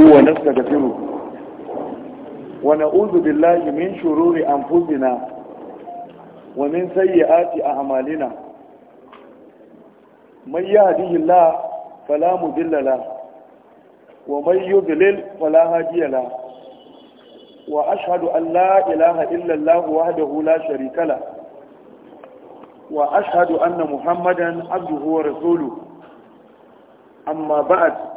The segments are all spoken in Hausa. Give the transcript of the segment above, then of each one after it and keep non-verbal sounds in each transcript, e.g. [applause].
nuhu wa nastaghfiru wa na'udhu billahi min shururi anfusina wa min sayyiati a'malina may yahdihi Allah fala mudilla la wa may yudlil fala hadiya la wa ashhadu an la ilaha illa Allah wahdahu la sharika la wa ashhadu anna Muhammadan abduhu wa rasuluhu amma ba'd ba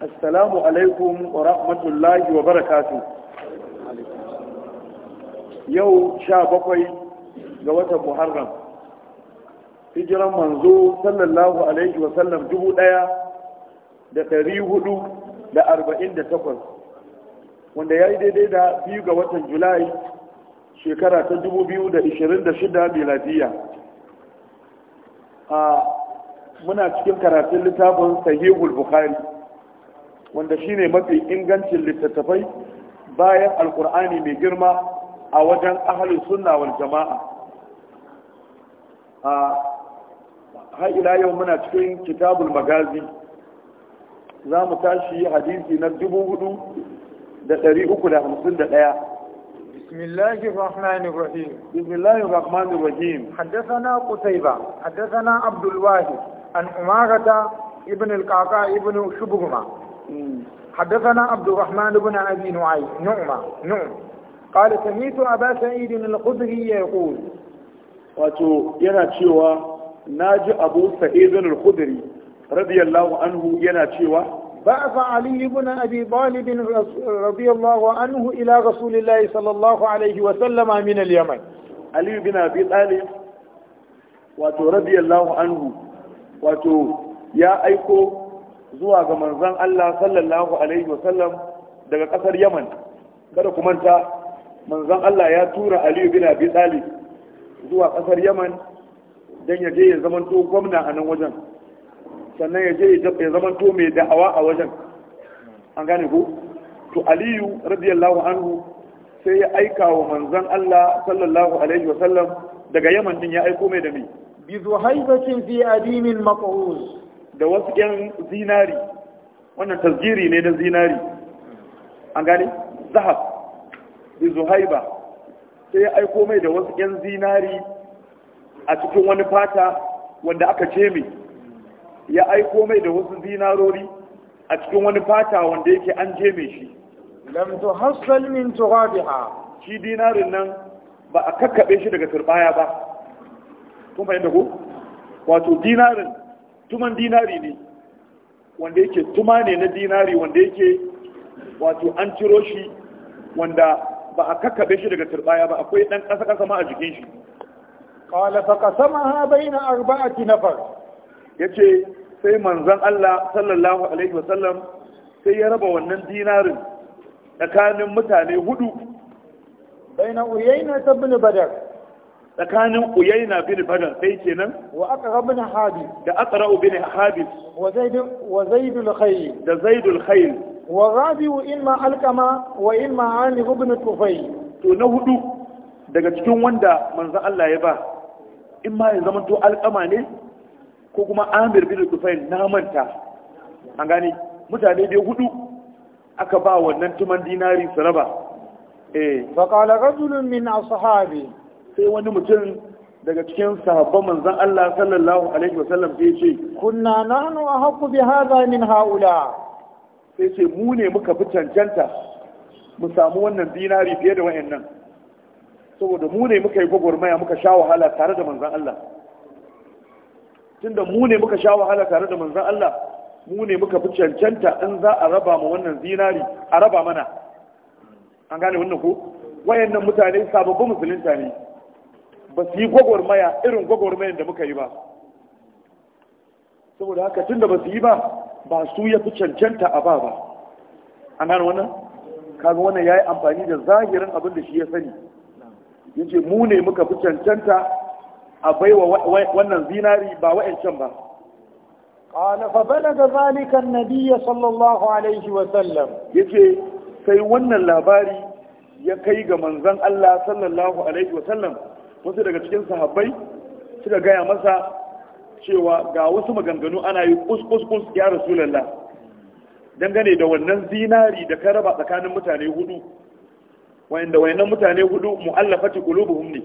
assalamu alaikum wa rahmatullahi wa barakatu yau sha bakwai ga watan muharram hijiran manzo sallallahu alaihi wa sallam dubu daya da dari hudu da arba'in da takwas wanda ya yi daidai da biyu ga watan julai shekara ta dubu biyu da ishirin da shida miladiya a muna cikin karatun littafin sahihul bukhari wanda shine mafi ingancin littattafai bayan alkur'ani mai girma a wajen ahalin sunna wal jama'a a har yau muna cikin kitabul magazi za mu tashi hadisi na dubu hudu da ɗari uku da hamsin da ɗaya بسم الله الرحمن الرحيم بسم الله الرحمن الرحيم حدثنا قتيبة حدثنا عبد الواحد عن أمارة ابن القعقاع ابن شبرمة حدثنا عبد الرحمن بن أبي نعيم نعمة نعم قال سمعت أبا سعيد الخدري يقول wato yana cewa na ji abu sa'idun al-khudri radiyallahu anhu yana cewa ba'atha ali ibn abi talib radiyallahu anhu ila rasulillahi sallallahu alaihi wa sallama min al-yaman ali ibn abi talib wato radiyallahu anhu wato ya aiko zuwa ga manzon Allah sallallahu alaihi wasallam daga kasar Yaman kada ku manta manzon Allah ya tura Ali bin Abi Talib zuwa kasar Yaman dan ya je ya zamanto to gwamna a nan wajen sannan ya je ya zamanto to mai da'awa a wajen an gane ko to Aliyu radiyallahu anhu sai ya aika wa manzon Allah sallallahu alaihi wasallam daga Yaman din ya aiko mai da mai bi zuhaibatin fi adimin maquz da wasu ƴan zinari wannan tasgiri ne na zinari an gane zahab bi zuhaiba sai ya aiko mai da wasu ƴan zinari a cikin wani fata wanda aka ce mai ya aiko mai da wasu zinarori a cikin wani fata wanda yake an je mai shi lam hasal min turabiha shi dinarin nan ba a kakkabe shi daga turbaya ba kun fahimta ko wato dinarin tuman dinari ne wanda yake tuma ne na dinari wanda yake wato an ciro shi wanda ba a kakkabe shi daga turbaya ba akwai dan ƙasa kasa ma a jikin shi qala fa qasamaha baina arba'ati nafar yace sai manzon Allah sallallahu alaihi wasallam sai ya raba wannan dinarin tsakanin mutane hudu baina uyayna ibn badar tsakanin na bin badal sai kenan wa rabu na hadi da aqra bin hadi wa zaid wa zaid khayl da zaidul khayl wa in ma alqama wa ma ani ibn tufay to na hudu daga cikin wanda manzo Allah ya ba in ma ya zama to alqama ne ko kuma amir bin tufay na manta an gani mutane dai hudu aka ba wannan tuman dinari su raba eh fa qala rajulun min ashabi sai wani mutum daga cikin sahabban manzan Allah sallallahu alaihi wasallam sai ce kunna nahnu ahqqu bi hadha min haula sai ce mu ne muka fi cancanta mu samu wannan dinari fiye da wayannan saboda mu ne muka yi gwagwarmaya muka sha wahala tare da manzan Allah tunda mu ne muka sha wahala tare da manzan Allah mu ne muka fi cancanta in za a raba mu wannan zinari a raba mana an gane wannan ko wayannan mutane sababbin musulunta ne ba su yi gwagwarmaya irin gwagwarmayan da muka yi ba saboda haka tun da ba su yi ba ba su ya fi cancanta a ba ba A nan wannan kaga wannan ya yi amfani da zahirin abin da shi ya sani ce mu ne muka fi cancanta a baiwa wannan zinari ba wa'ancan ba قال فبلغ ذلك النبي صلى الله عليه وسلم yace sai wannan labari ya kai ga manzon Allah sallallahu alaihi wasallam wasu daga cikin sahabbai suka gaya masa cewa ga wasu maganganu ana yi kus-kus ya rasulallah dangane da wannan zinari da ka raba tsakanin mutane hudu wanda wayannan mutane hudu mu'allafati qulubuhum ne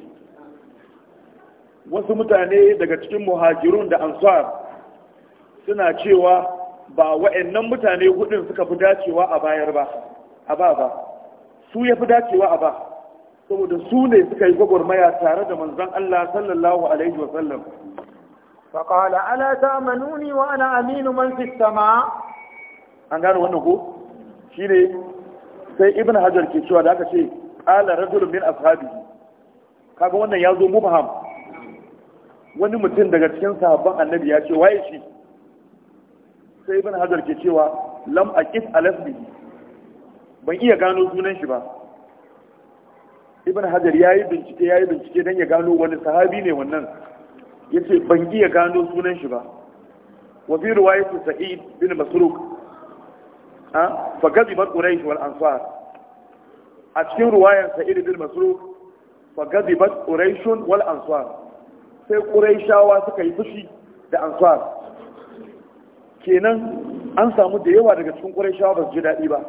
wasu mutane daga cikin muhajirun da ansar suna cewa ba wayannan mutane hudun suka fi dacewa a bayar ba a ba ba su ya fi dacewa a ba saboda su ne suka yi gwagwarmaya tare da manzon Allah sallallahu alaihi wa sallam فقال ألا تأمنوني وأنا Aminu man في السماء an gano wannan ko shi ne sai ibn hajar ke cewa da aka ce ƙala rajulun min ashabi kaga wannan ya zo mubham wani mutum daga cikin sahabban annabi ya ce waye shi sai ibn hajar ke cewa lam aqif alasbi ban iya gano sunan shi ba ibn hajar ya yi bincike ya yi bincike don ya gano wani sahabi ne wannan ya ce ban iya gano sunan shi ba wafi ruwaya su sa'id bin masruk a fagazi bar shi wal ansar a cikin ruwayan sa'id bin masruk fagazi bar shi wal ansar sai shawa suka yi fushi da ansar kenan an samu da yawa daga cikin shawa ba su ji daɗi ba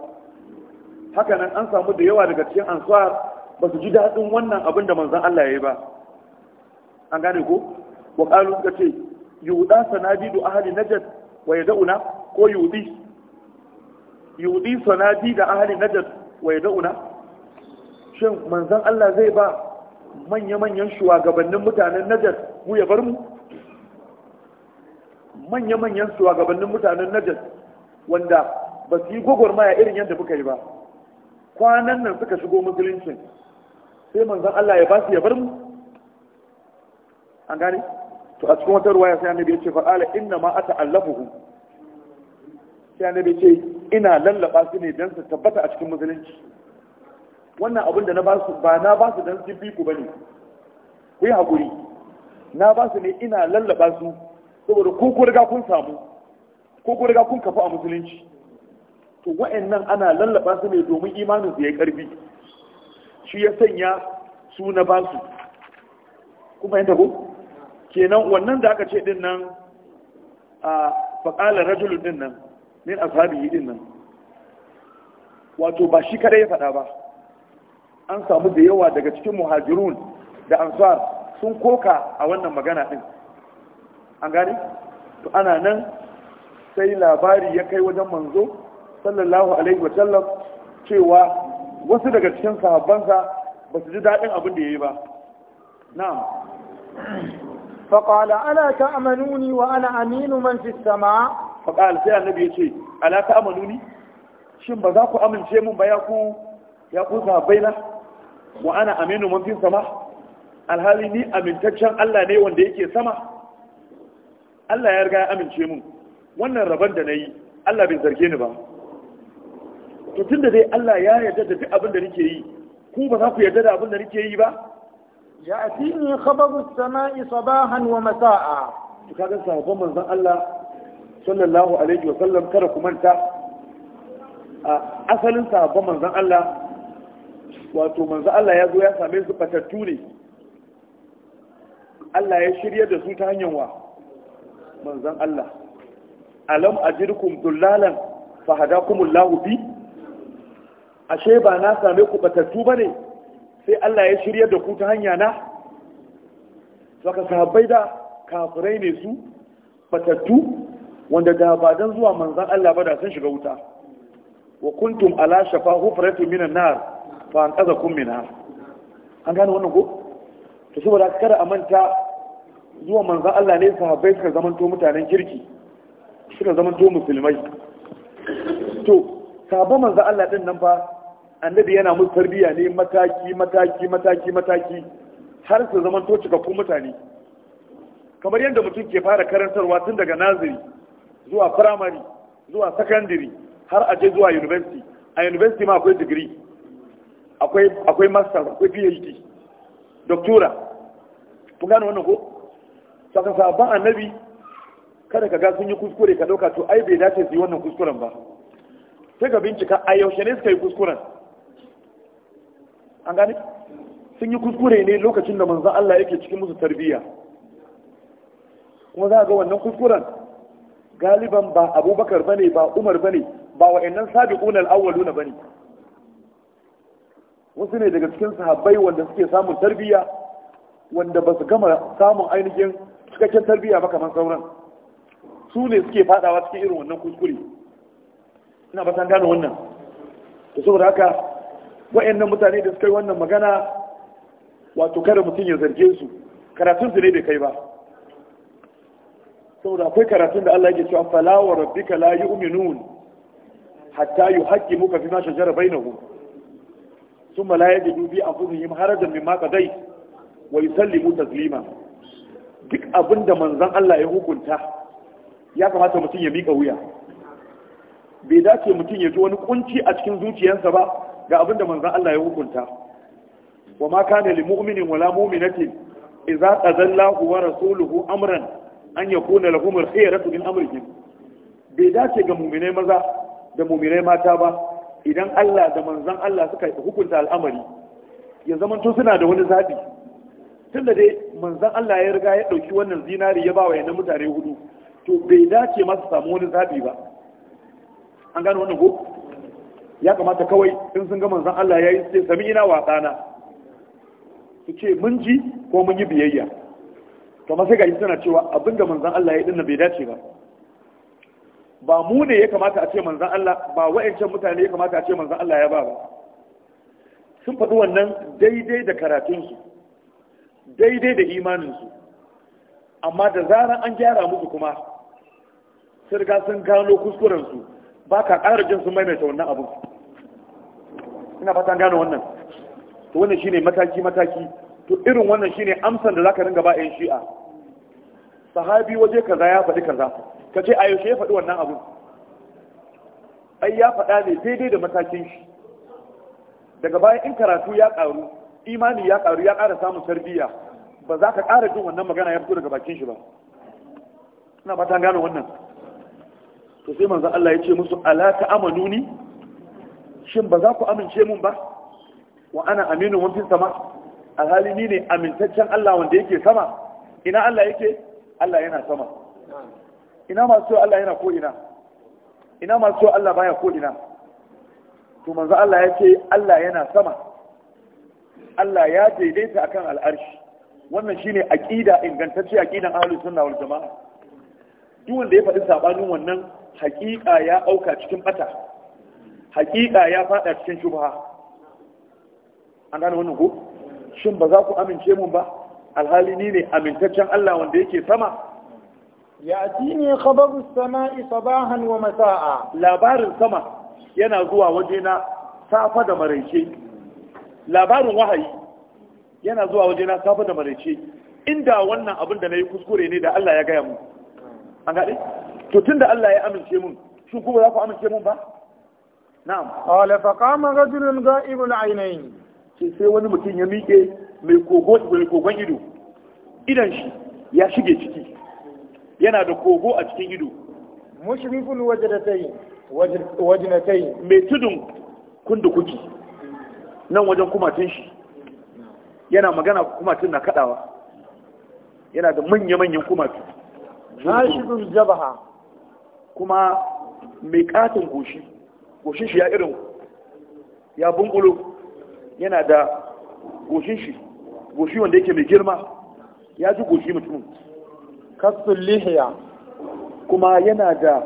haka nan an samu da yawa daga cikin ansar ba su ji daɗin wannan abin da manzan Allah ya yi ba an gane ko wa ƙalu ka ce yuɗa sanadidu ahali najad wa yada'una ko yuɗi yuɗi sanadi da ahali najad wa yada'una shin manzan Allah zai ba manya-manyan shugabannin mutanen najad mu ya bar mu manya-manyan shugabannin mutanen najad wanda ba su yi gwagwarmaya irin yadda muka yi ba kwanan nan suka shigo musuluncin sai manzon Allah ya ba su ya bar mu an gane to a cikin wata ruwaya sai annabi ya ce fa'ala inna ma ata'allafuhu sai annabi ya ce ina lallaba su ne dan su tabbata a cikin musulunci wannan abin da na ba su ba na ba su dan su bi ku bane ku yi hakuri na ba su ne ina lallaba su saboda ko ku riga kun samu ko ku riga kun kafa a musulunci to wa'annan ana lallaba su ne domin imanin su yayi karfi shi ya sanya su na ba su kuma yadda ko kenan wannan da aka ce din nan a faƙala rajulun din nan min ashabi din nan wato ba shi kada ya faɗa ba an samu da yawa daga cikin muhajirun da ansar sun koka a wannan magana din an gane to ana nan sai labari ya kai wajen manzo sallallahu alaihi wa sallam cewa wasu daga cikin sahabbansa ba su ji daɗin abin da ya yi ba na'am faƙala ana ta'amanuni wa ana aminu man fi sama faƙala sai annabi ya ce ala ta'amanuni shin ba za ku amince mun ba ya ku ya ku na? wa ana aminu man fi sama alhali ni amintaccen Allah ne wanda yake sama Allah ya riga ya amince mun wannan rabon da na yi Allah bai zarge ni ba to tunda dai Allah ya yarda da duk abin da nake yi ku ba za ku yarda da abin da nake yi ba ya'tini khabaru as-sama'i sabahan wa masa'a to kaga sahabban manzon Allah sallallahu alaihi wa sallam kada ku manta asalin sahabban manzon Allah wato manzo Allah ya zo ya same su fatattu ne Allah ya shirya da su ta hanyar wa manzon Allah alam ajirkum dullalan fahadakumullahu bi ashe ba na same ku batattu ba ne sai Allah ya shirya da ku ta hanya na saka sahabbai da kafirai ne su batattu wanda da ba dan zuwa manzan Allah ba da sun shiga wuta wa kuntum ala shafa hufratin minan nar fa an qazakum minha an gane wannan ko to saboda kada a manta zuwa manzan Allah ne sahabbai suka zamanto mutanen kirki suka zamanto musulmai to sahabban manzan Allah din nan ba annabi yana musu tarbiyya ne mataki mataki mataki mataki har su zama to cikakku mutane kamar yadda mutum ke fara karantarwa tun daga naziri zuwa firamare zuwa secondary har aje zuwa university a university ma akwai digiri akwai akwai master akwai phd doctora kun gane wannan ko saka sabon annabi kada ka ga sun yi kuskure ka dauka to ai bai dace su yi wannan kuskuren ba sai ka bincika a yaushe ne suka yi kuskuren an gane sun yi kuskure ne lokacin da manzan Allah yake cikin musu tarbiyya kuma za ga wannan kuskuren galiban ba abubakar ba ne ba umar ba ne ba wa'annan sabiqun al na ba ne wasu ne daga cikin sahabbai wanda suke samun tarbiyya wanda ba su gama samun ainihin cikakken tarbiyya ba kamar sauran su ne suke fadawa cikin irin wannan kuskure ina ba san gane wannan saboda haka wa'annan mutane da suka yi wannan magana wato kada mutum ya zarge su karatun su ne bai kai ba saboda akwai karatun da Allah yake cewa falawar wa rabbika la yu'minun hatta yuhaqqimuka fi ma shajara bainahum thumma la yajidu fi anfusihim harajan mimma qadayt wa yusallimu taslima duk abinda manzon Allah ya hukunta ya kamata mutum ya mika wuya bai dace mutum ya ji wani kunci a cikin zuciyarsa ba ga abin da manzan Allah ya hukunta wa ma kana lil mu'minin wala mu'minatin idza qadallahu wa rasuluhu amran an yakuna lahum al-khiyaratu min amrihim bai dace ga mu'minai maza da mu'minai mata ba idan Allah da manzan Allah suka hukunta al'amari ya zama to suna da wani zabi tunda dai manzan Allah ya riga ya dauki wannan zinari ya ba wa mutane hudu to bai dace masa samu wani zabi ba an gano wannan ko ya kamata kawai in sun ga manzon Allah yayi sai sami ina wa na?" su ce mun ji ko mun yi biyayya to sai ga suna cewa abinda manzon Allah ya yi din bai dace ba ba mu ne ya kamata a ce manzon Allah ba wa'ancan mutane ya kamata a ce manzon Allah ya ba ba sun faɗi wannan daidai da karatunsu daidai da imaninsu amma da zaran an gyara musu kuma sun sun gano kuskurensu ba ka ƙara jin sun maimaita wannan abu ina fatan gane wannan to wannan shine mataki mataki to irin wannan shine amsan da zaka ringa ba yan shi'a sahabi waje kaza ya faɗi kaza ka ce a yaushe ya faɗi wannan abu ai ya faɗa ne daidai da matakin shi daga bayan in karatu ya ƙaru imani ya ƙaru ya ƙara samun tarbiyya ba za ka ƙara jin wannan magana ya fito daga bakin shi ba ina fatan gane wannan to sai manzan Allah ya ce musu ala ta amanu ni shin ba za ku amince mun ba wa ana aminu wani sama alhali ni ne amintaccen Allah wanda yake sama ina Allah yake Allah yana sama ina masu Allah yana ko ina ina masu Allah baya ko ina to manzo Allah ya ce Allah yana sama Allah ya daidaita akan al'arshi wannan shine aqida ingantacce aqidan ahlus sunna wal jamaa duk wanda ya faɗi sabanin wannan hakika ya auka cikin bata hakika ya fada cikin shubha an gane wannan ko shin ba za ku amince mun ba alhali ni ne amintaccen Allah wanda yake sama ya'tini khabaru samai sabahan wa masa'a labarin sama yana zuwa waje na safa da maraice labarin wahayi yana zuwa waje na safa da maraice inda wannan abin da nayi kuskure ne da Allah ya gaya mu an gane to tunda Allah ya amince mun shi kuma za ku amince mun ba na'am qala fa qama rajulun ghaibul aynayn sai sai wani mutum ya miƙe mai kogon ido idan shi ya shige ciki yana da kogo a cikin ido mushrifun wajdatayn wajnatai mai tudun kuki? nan wajen kumatun shi yana magana kumatun na kadawa yana da manya-manyan kumatu hashidun jabaha kuma mai katin goshi goshin shi ya irin ya bunkulo yana da goshin shi goshi wanda yake mai girma ya ji goshi mutumin kasar lihiya kuma yana da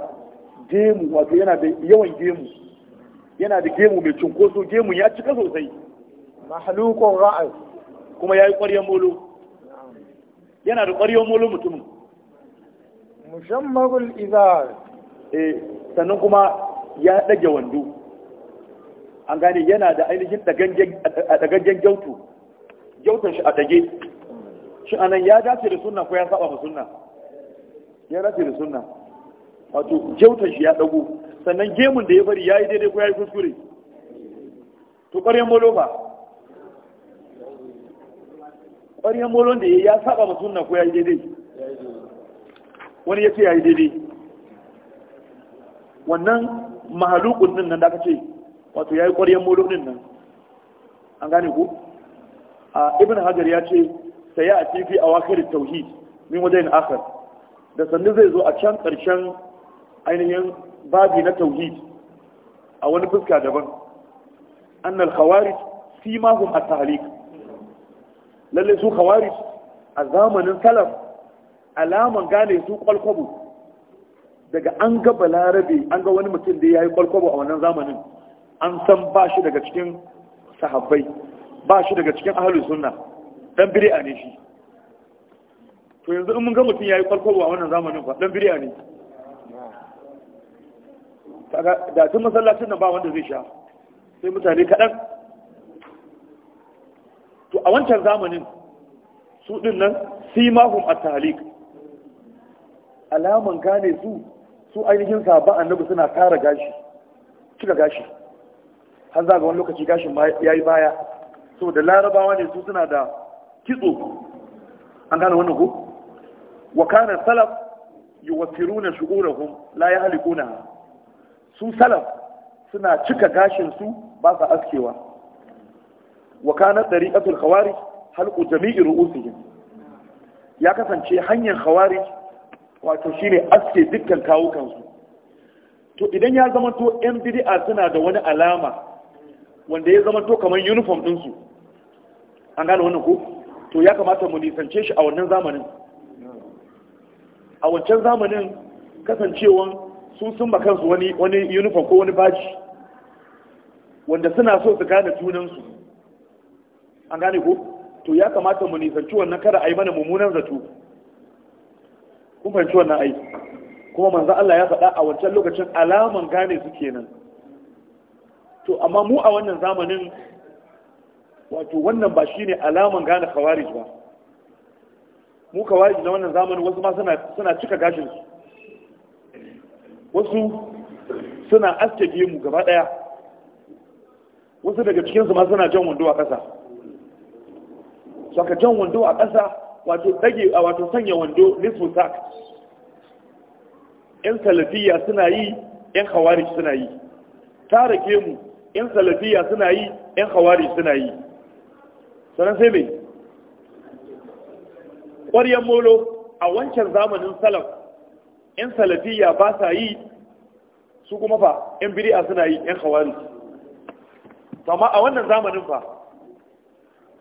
gemu wato yana da yawan gemu yana da gemu mai cunkoso gemu ya cika sosai mahalukon ra'ayi kuma ya yi ƙwaryen molo yana da ƙwaryen molo mutumin mushammarul izar Eh, sannan kuma ya ɗage wando an gane yana da ainihin ɗagaggen gyautu gyautar shi a ɗage shi anan ya dace da suna ko ya saba ma suna ya dace da suna wato gyautar shi ya ɗago sannan gemun da ya bari ya yi daidai ko ya yi kuskure to ƙwaryen molo ba ƙwaryen molon da ya saba ma suna ko ya yi daidai wani ya ce ya yi daidai wannan mahalukun din nan da aka ce wato yayi ƙwaryen molo nan an gane ku a ibn hajar ya ce yi a tifi a wakil tauhid min wajen akhar da sannu zai zo a can ƙarshen ainihin babi na tauhid a wani fuska daban annal khawarij fi ma hum at-tahlik lalle su khawarij a zamanin salaf alaman gane su kwalkwabu daga an ga balarabe an ga wani mutum da ya yi kwalkwabo a wannan zamanin an san ba shi daga cikin sahabbai ba shi daga cikin ahalus sunna dan bid'a ne shi to yanzu in mun ga mutum ya yi kwalkwabo a wannan zamanin fa dan bid'a ne da tun masallacin nan ba wanda zai sha sai mutane kaɗan to a wancan zamanin su ɗin nan simahum at talik alaman gane su su ainihin sahabban annabi suna tara gashi cika gashi har za ga wani lokaci gashin ya yi baya saboda larabawa ne su suna da kitso an gane wannan ko wa kana salaf yuwaffiruna shu'urahum la yahlikuna su salaf suna cika gashin su ba sa askewa wa kana tariqatul khawarij halqu jami'i ru'usihim ya kasance hanyar khawarij wato ne aske dukkan kawukansu to idan ya zama to yan bid'a suna da wani alama wanda ya zama to kamar uniform ɗinsu an gane wani ko to ya kamata mu nisance shi a wannan zamanin a wancan zamanin kasancewan su sun ba kansu wani uniform ko wani baji wanda suna so su gane junansu an gane ko to ya kamata mu nisanci wannan kada a yi mana mummunan zato kun fahimci wannan aiki kuma manzan Allah ya faɗa a wancan lokacin alaman gane su kenan to amma mu a wannan zamanin wato wannan ba shi ne alaman gane kawarij ba mu kawarij na wannan zamanin wasu ma suna cika gashin su wasu suna aske mu gaba daya wasu daga cikinsu ma suna jan wando a ƙasa saka jan wando a ƙasa wato dage a wato sanya wando nisfu tak in salafiya suna yi in khawari suna yi tara mu in salafiya suna yi in khawari suna yi Sanan sai mai ƙwaryen molo a wancan zamanin salaf in salafiya ba sa yi su kuma fa in biri'a suna yi yan hawari amma a wannan zamanin fa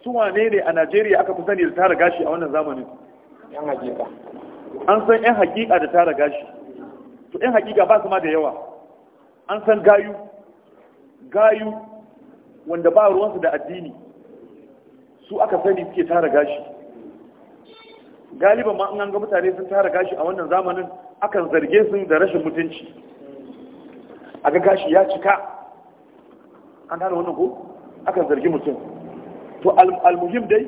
su wane ne a Najeriya aka fi sani da tara gashi a wannan zamanin yan hakika an san yan hakika da tara gashi to yan hakika ba su ma da yawa an san gayu gayu wanda ba ruwansu da addini su aka sani suke tara gashi galiban ma an ga mutane sun tara gashi a wannan zamanin akan zarge su da rashin mutunci a ga gashi ya cika an tara wannan ko akan zargi mutum to almuhim dai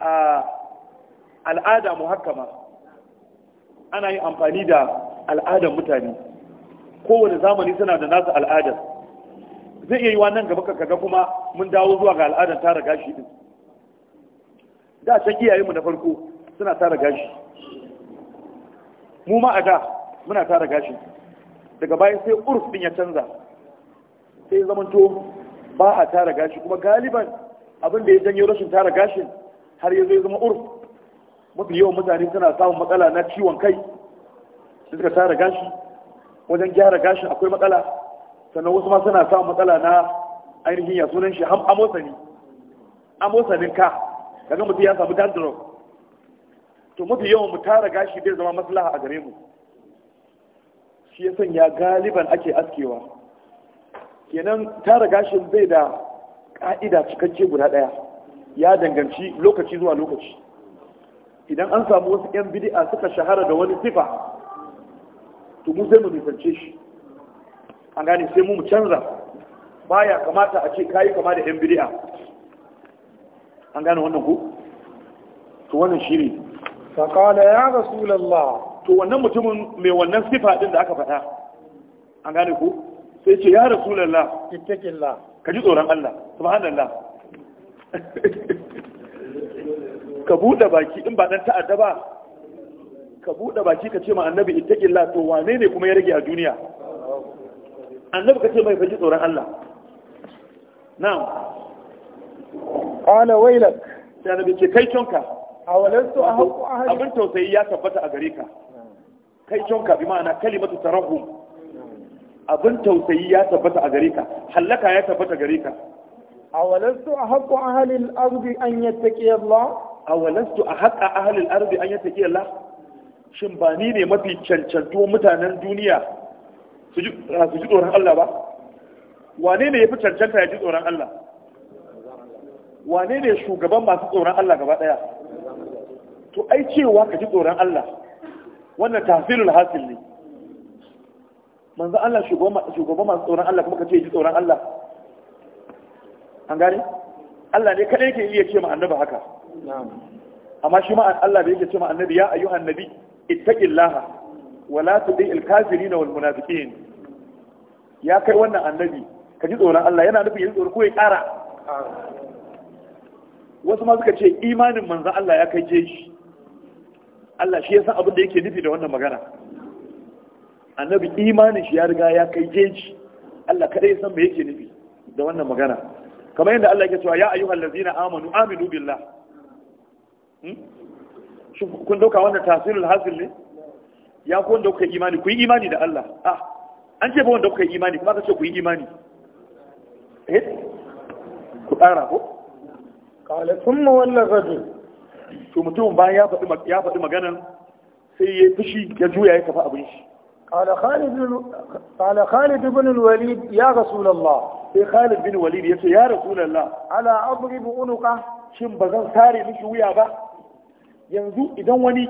a al'ada muhakkama ana yin amfani da al'adar mutane kowane zamani suna da nasu al'adar zai iya yi nan gaba ka kaga kuma mun dawo zuwa ga al'adar tara gashi din da ta iyaye mu na farko suna tara gashi mu ma a da muna tara gashi daga baya sai urf din ya canza sai zamanto ba a tara gashi kuma galiban abin da ya janyo rashin tara gashin har yanzu ya zama urf mafi yawan mutane suna samun matsala na ciwon kai su suka tara gashi wajen gyara gashin akwai matsala sannan wasu ma suna samun matsala na ainihin ya sunan shi amosani amosanin ka kaga mutum ya samu dandruff to mafi yawan mu tara gashi bai zama maslaha a gare mu shi ya sanya galiban ake askewa kenan tara gashin bai da ka'ida cikakke guda ɗaya ya danganci lokaci zuwa lokaci idan an samu wasu 'yan bidi'a suka shahara da wani sifa to mu sai mu nisance shi an gane sai mu canza baya kamata a ce kayi kama da 'yan bidi'a an gane wannan ku to wannan shi ne kala ya lalla. to wannan mutumin mai wannan sifa din da aka faɗa an gane ku sai ce ya rasulallah ittaqillah ka ji tsoron Allah subhanallah ka buɗe baki in ba dan ta'adda ba ka buɗe baki ka ce ma annabi ittaqillah to wane ne kuma ya rage a duniya annabi ka ce mai faji tsoron Allah na'am qala waylak sai annabi ce kai tonka awalastu ahqu ahli abin tausayi ya tabbata a gare ka kai tonka bi ma'ana kalimatu tarahum abin tausayi ya tabbata a gare ka hallaka ya tabbata gare ka awalastu ahqqu a al-ardi an yattaqi Allah awalastu ahqqa a al-ardi an yattaqi Allah shin ba ni ne mafi cancantuwa mutanen duniya su ji tsoron Allah ba wane ne ya fi cancanta ya ji tsoron Allah wane ne shugaban masu tsoron Allah gaba ɗaya? to ai cewa ka ji tsoron Allah wannan tafsirul hasil ne manzo Allah shugaban masu tsoron Allah kuma ka ce ji tsoron Allah an gane Allah ne kadai yake iya ce ma annabi haka amma shi ma Allah da yake ce ma annabi ya ayyuhan nabi ittaqillaha wa la tudil kafirin wal munafiqin ya kai wannan annabi ka ji tsoron Allah yana nufin yin tsoro ko ya kara wasu ma suka ce imanin manzo Allah ya kai jeji Allah shi ya san abin da yake nufi da wannan magana annabi imanin shi ya riga ya kai jeji Allah kada ya san me yake nufi da wannan magana kamar yadda Allah yake cewa ya ayyuhal ladzina amanu aminu billah hmm? kun dauka wannan tasirul hasil ne ya ku wanda kuka imani ku yi imani da Allah ah an ce ba wanda kuka imani kuma ka ce ku yi imani eh ku tsara ko qala thumma walla rajul to mutum bayan ya faɗi ya faɗi maganan sai ya fushi ya juya ya tafi abin shi قال خالد قال خالد بن الوليد يا رسول sai Khalid bin Walid ya ce ya Rasulullah ala adribu unuka. shin ba zan sare miki wuya ba yanzu idan wani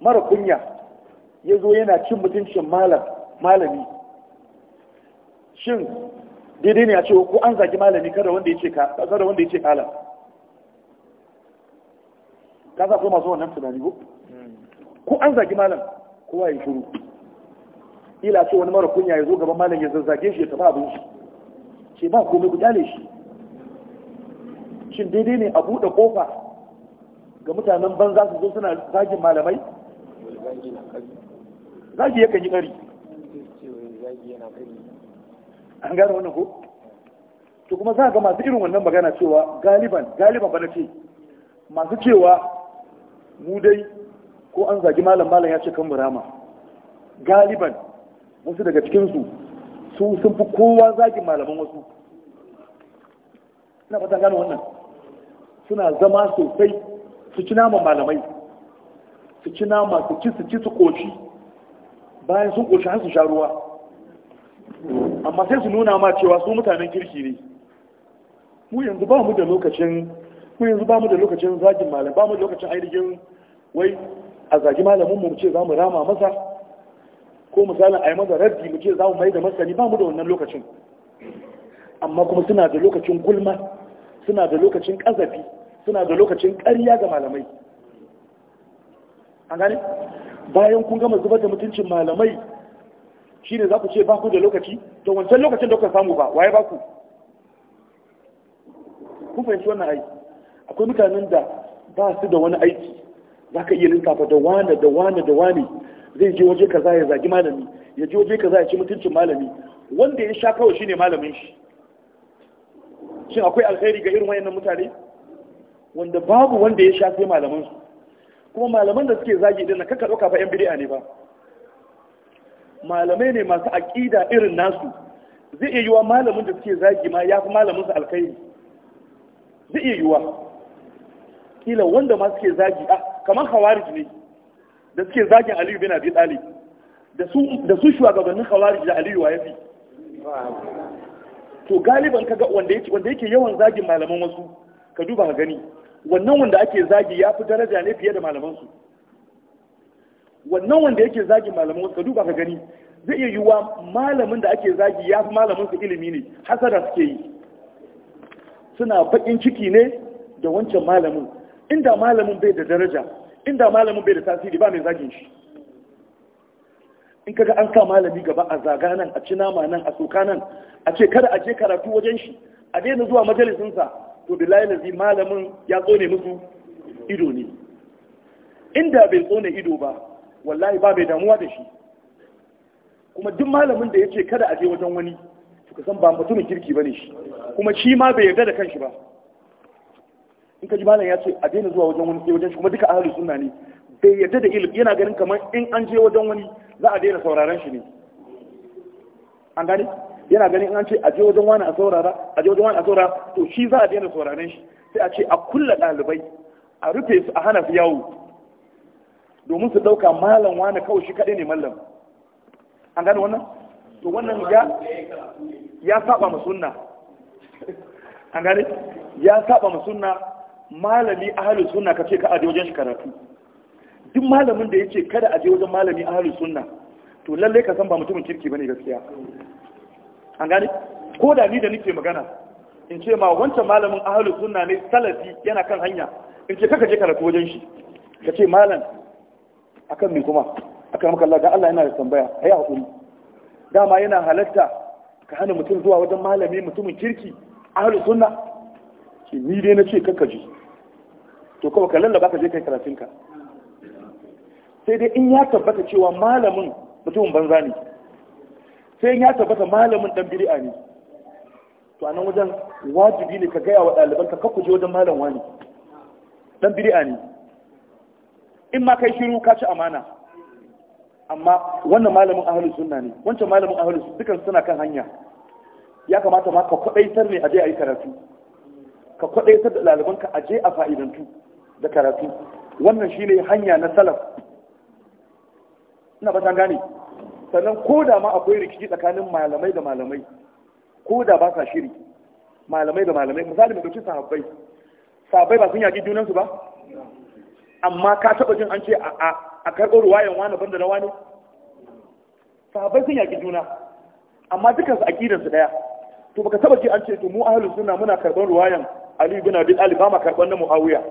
mara kunya ya zo yana cin mutuncin malami shin daidai ne a ce ko an zagi malami kada wanda yace ka kala ka sa ko masu wannan tunani ko ko an zagi malam kowa ya shiru ila ce wani mara kunya ya zo gaban malam ya zazzage shi ya taba abin shi ce ba komai ku kyale shi shin daidai ne a buɗe kofa ga mutanen banza su zo suna zagin malamai zagi yakan yi ƙari an gane wannan ko to kuma za ga masu irin wannan magana cewa galiban galiban bana ce masu cewa mu dai ko an zagi malam malam ya ce kan murama galiban wasu daga cikinsu su sun fi kowa zagin malaman wasu ina fata gano wannan suna zama sosai su ci nama malamai su ci nama su ci su ci su koshi bayan sun koshi har su sha ruwa amma sai su nuna ma cewa su mutanen kirki ne mu yanzu ba mu da lokacin mu yanzu ba mu da lokacin zagin malam ba mu da lokacin ainihin wai a zagi malamin mu ce za mu rama masa ko misalin a yi maza rabbi mu ce za mu mai da masani ba mu da wannan lokacin amma kuma suna da lokacin gulma suna da lokacin ƙazafi suna da lokacin ƙarya ga malamai an gane bayan kun gama zubar da mutuncin malamai shi ne za ku ce baku da lokaci to wancan lokacin da kuka samu ba waye baku kun fahimci wannan aiki akwai mutanen da ba su da wani aiki za ka iya lissafa da wane da wane da wane zai je waje kaza ya zagi malami ya je waje kaza ya ci mutuncin malami wanda ya sha kawai shine malamin shi shin akwai alkhairi ga irin wayannan mutane wanda babu wanda ya sha sai malaman su kuma malaman da suke zagi din na kaka dauka fa yan bid'a ne ba malamai ne masu aqida irin nasu zai iya yiwa malamin da suke zagi ma ya fi malamin su alkhairi zai iya yiwa kila wanda ma suke zagi a ah, kamar khawarij ne da suke zagin aliyu bin abi talib da su da su shugabannin khawarij da aliyu waye fi to galiban kaga wanda yake wanda yake yawan zagin malaman wasu ka duba ka gani wannan wanda ake zagi ya fi daraja ne fiye da malaman su wannan wanda yake zagin malaman wasu ka duba ka gani zai iya yiwuwa malamin da ake zagi ya fi malamin su ilimi ne hasara suke yi suna bakin ciki ne da wancan malamin inda malamin bai da daraja inda malamin bai da tasiri ba mai zagin shi in kaga an sa malami gaba a zaga nan a ci nama nan a soka nan a ce kada a je karatu wajen shi a daina zuwa majalisinsa to layi lazi malamin ya tsone musu ido ne inda bai tsone ido ba wallahi ba bai damuwa da shi kuma duk malamin da ya ce kada a je wajen wani to ka san ba mutumin kirki ba ne shi kuma shi ma bai yarda da kanshi ba in ka ji malam ya ce a daina zuwa wajen wani eh, wajen shi kuma duka ahlus sunna ne bai yadda da ilimi yana ganin kamar in an je wajen wani za a daina sauraron shi ne an gane yana ganin in an ce a je wajen wani a saurara a je wajen wani a saurara to shi za a daina sauraron shi sai a ce a kulla ɗalibai a rufe su a hana su yawo domin su ɗauka malam wani kawai shi kaɗai ne mallam an gane wannan to wannan ya ya saba ma sunna an gane ya saba ma sunna malami ahalus sunna ka ce ka aje wajen shi karatu duk malamin da ya ce kada aje wajen malami halin sunna to lallai ka san ba mutumin kirki bane gaskiya an gane ko da ni da nake magana in ce ma wancan malamin halin sunna ne salafi yana kan hanya in ce kaka je karatu wajen shi ka ce malam akan me kuma akan maka Allah da Allah yana da tambaya yi hakuri dama yana halatta ka hana mutum zuwa wajen malami mutumin kirki ahalus sunna ni dai na ce kakaji to kuma kallon da baka je kai karatunka sai dai in ya tabbata cewa malamin mutumin banza ne sai in ya tabbata malamin dan bid'a ne to a nan wajen wajibi ne ka gaya wa ɗaliban ka ku je wajen malam wani dan bid'a ne in ma kai shiru ka ci amana amma wannan malamin ahlus sunna ne wancan malamin ahlus dukan suna kan hanya ya kamata ma ka kwadaitar ne a je a yi karatu ka kwadaitar da ɗalibanka a je a fa'idantu da karatu wannan shi ne hanya na salaf ina ba gane sannan ko da ma akwai rikici tsakanin malamai da malamai ko da ba sa shiri malamai da malamai misali mai dauki sahabbai sahabbai ba sun yaƙi junansu ba amma ka taɓa jin an ce a karɓo ruwayan wani banda na wani sahabbai sun yaƙi juna amma dukansu aƙidansu ɗaya to baka taɓa ji an ce to mu ahlus sunna muna karɓar ruwayan ali bin abi talib ba ma karɓar na muawiya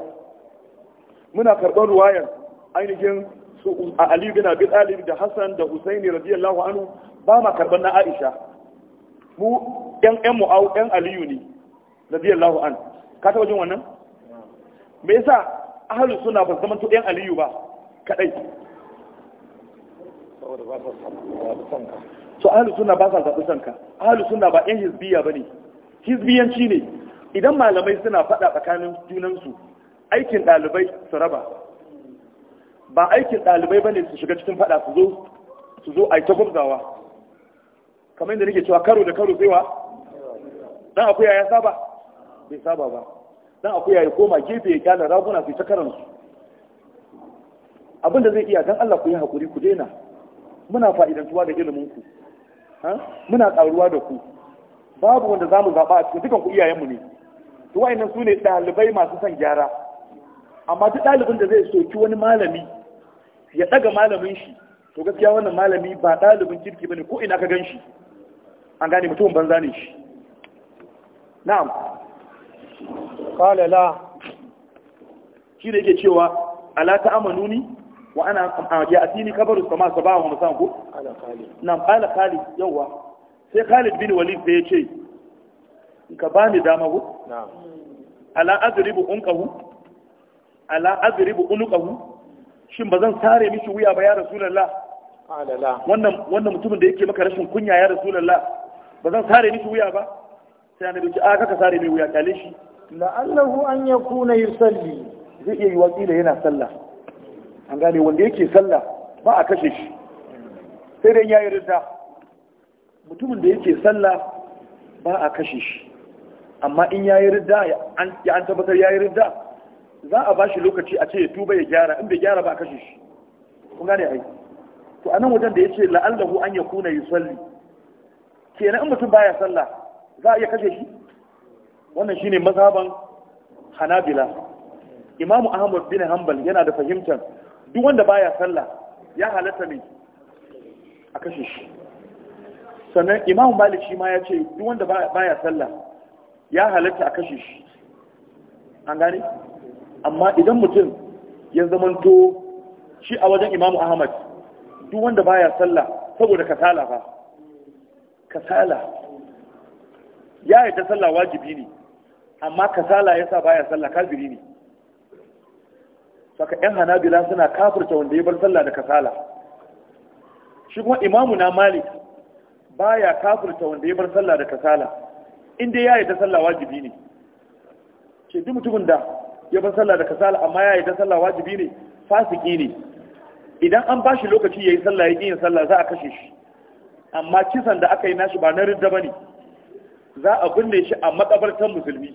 muna karɓar ruwayar ainihin su a Aliyu bin Abi da Hassan da Husaini radiyallahu anhu ba ma karɓar na Aisha mu ƴan ƴan mu'awu ƴan Aliyu ne radiyallahu an ka taɓa jin wannan me yasa ahlus suna ba zama to 'yan Aliyu ba kadai so ahlus suna ba sa zaɓi sanka ahlus suna ba Hisbiya hizbiya ne. hizbiyanci ne idan malamai suna faɗa tsakanin junansu aikin ɗalibai su raba ba aikin ɗalibai ba ne su shiga cikin faɗa su zo su zo a yi ta gwamzawa kamar yadda nake cewa karo da karo sai wa dan akwai ya saba bai saba ba dan akwai ya koma gefe ya kyala raguna su ta karansu abin da zai iya dan Allah ku yi hakuri ku daina muna fa'idantuwa da ilimin ku muna karuwa da ku babu wanda zamu zaba a cikin dukan ku iyayenmu ne to wayannan sune dalibai masu son gyara amma duk ɗalibin da zai soki wani malami ya ɗaga malamin shi to gaskiya wannan malami ba ɗalibin kirki bane ko ina ka gan shi an gane mutum banza ne shi na'am qala la shi ne yake cewa ala ta amanu ni wa ana ya atini kabaru sama ba wa musan ku na'am kala khalid yawa sai khalid bin walid sai ya ce ka bani dama ku na'am ala adribu unqahu ala azribu unuqahu shin ba zan sare miki wuya ba ya rasulullah wannan wannan mutumin da yake maka rashin kunya ya rasulullah ba zan sare miki wuya ba sai annabi ce a kaka sare mai wuya kale shi la'allahu an yakuna yusalli zai iya yi wakila yana sallah an gane wanda yake sallah ba a kashe shi sai dai yayi ridda mutumin da yake sallah ba a kashe shi amma in yayi ridda an tabbatar yayi ridda za a bashi lokaci a ce ya tuba ya gyara in bai gyara ba a kashe shi kun gane ai to anan wajen da yace la'allahu an yakuna yusalli kenan in mutum baya sallah za a iya kashe shi wannan shine mazhaban Hanabila Imam Ahmad bin Hanbal yana da fahimtar duk wanda baya sallah ya halatta ne a kashe shi sannan Imam Malik shi ma ya ce duk wanda baya sallah ya halatta a kashe shi an gane amma idan mutum ya zamanto shi a wajen imamu ahmad duk wanda baya sallah saboda kasala fa kasala ya yi ta sallah wajibi ne amma kasala yasa baya sallah kafiri ne saka yan hanabila suna kafirta wanda ya bar sallah da kasala shi kuma imamu na malik baya kafirta wanda ya bar sallah da kasala inda ya yi ta sallah wajibi ne ce duk mutumin da ya ban sallah da kasala amma ya yi ta sallah wajibi ne fasiki ne idan an bashi lokaci ya yi sallah ya yin sallah za a kashe shi amma kisan da aka yi nashi ba na ridda ba za a binne shi a makabartar musulmi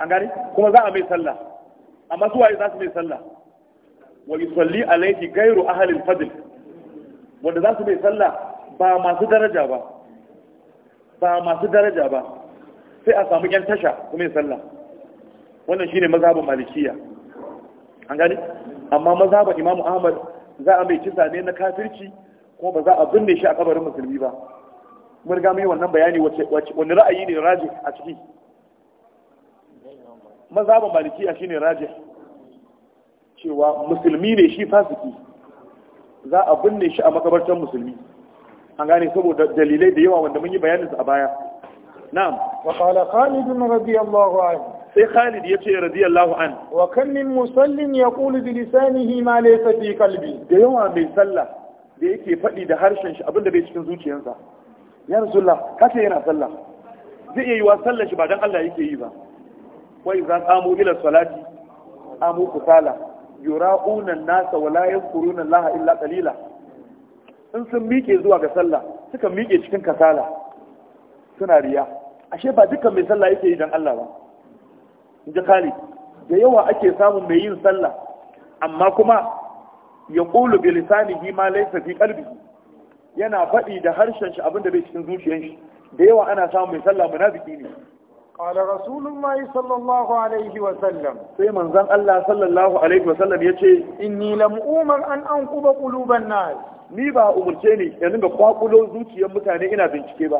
an gane kuma za a mai sallah amma su waye za su mai sallah wa yusalli laifi gairu ahalin fadl wanda za su mai sallah ba masu daraja ba ba masu daraja ba sai a samu yan tasha su mai sallah wannan shine mazhabin malikiya an gani amma mazhabin imamu ahmad za a mai kisa ne na kafirci kuma ba za a binne shi a kabarin musulmi ba mun ga mai wannan bayani wace wani ra'ayi ne raji a ciki mazhabin malikiya shine raji cewa musulmi ne shi fasiki za a binne shi a makabartar musulmi an gane saboda dalilai da yawa wanda mun yi bayanin su a baya na'am wa qala khalid radiyallahu anhu sai Khalid ya ce radiyallahu an wa kan min musallin ya kulu bi lisanihi ma laysa fi qalbi da yawa mai sallah da yake faɗi da harshen shi abinda bai cikin zuciyarsa ya rasulullah kace yana sallah zai iya yiwa sallar shi ba dan Allah yake yi ba wai za qamu ila salati amu kusala yura'una nasa wa la yadhkuruna Allah illa qalila in sun miƙe zuwa ga sallah suka miƙe cikin kasala suna riya ashe ba dukkan mai sallah yake yi dan Allah ba ji khalid da yawa ake samun mai yin sallah amma kuma ya ƙulu bi lisanihi ma laisa fi qalbihi yana faɗi da harshen shi abinda bai cikin zuciyar shi da yawa ana samun mai sallah munafiki ne qala rasulullahi sallallahu alaihi wa sallam sai manzon Allah sallallahu alaihi wa sallam yace inni lam umar an anquba quluban nas ni ba umurce ne ya dinga kwakulo zuciyar mutane ina bincike ba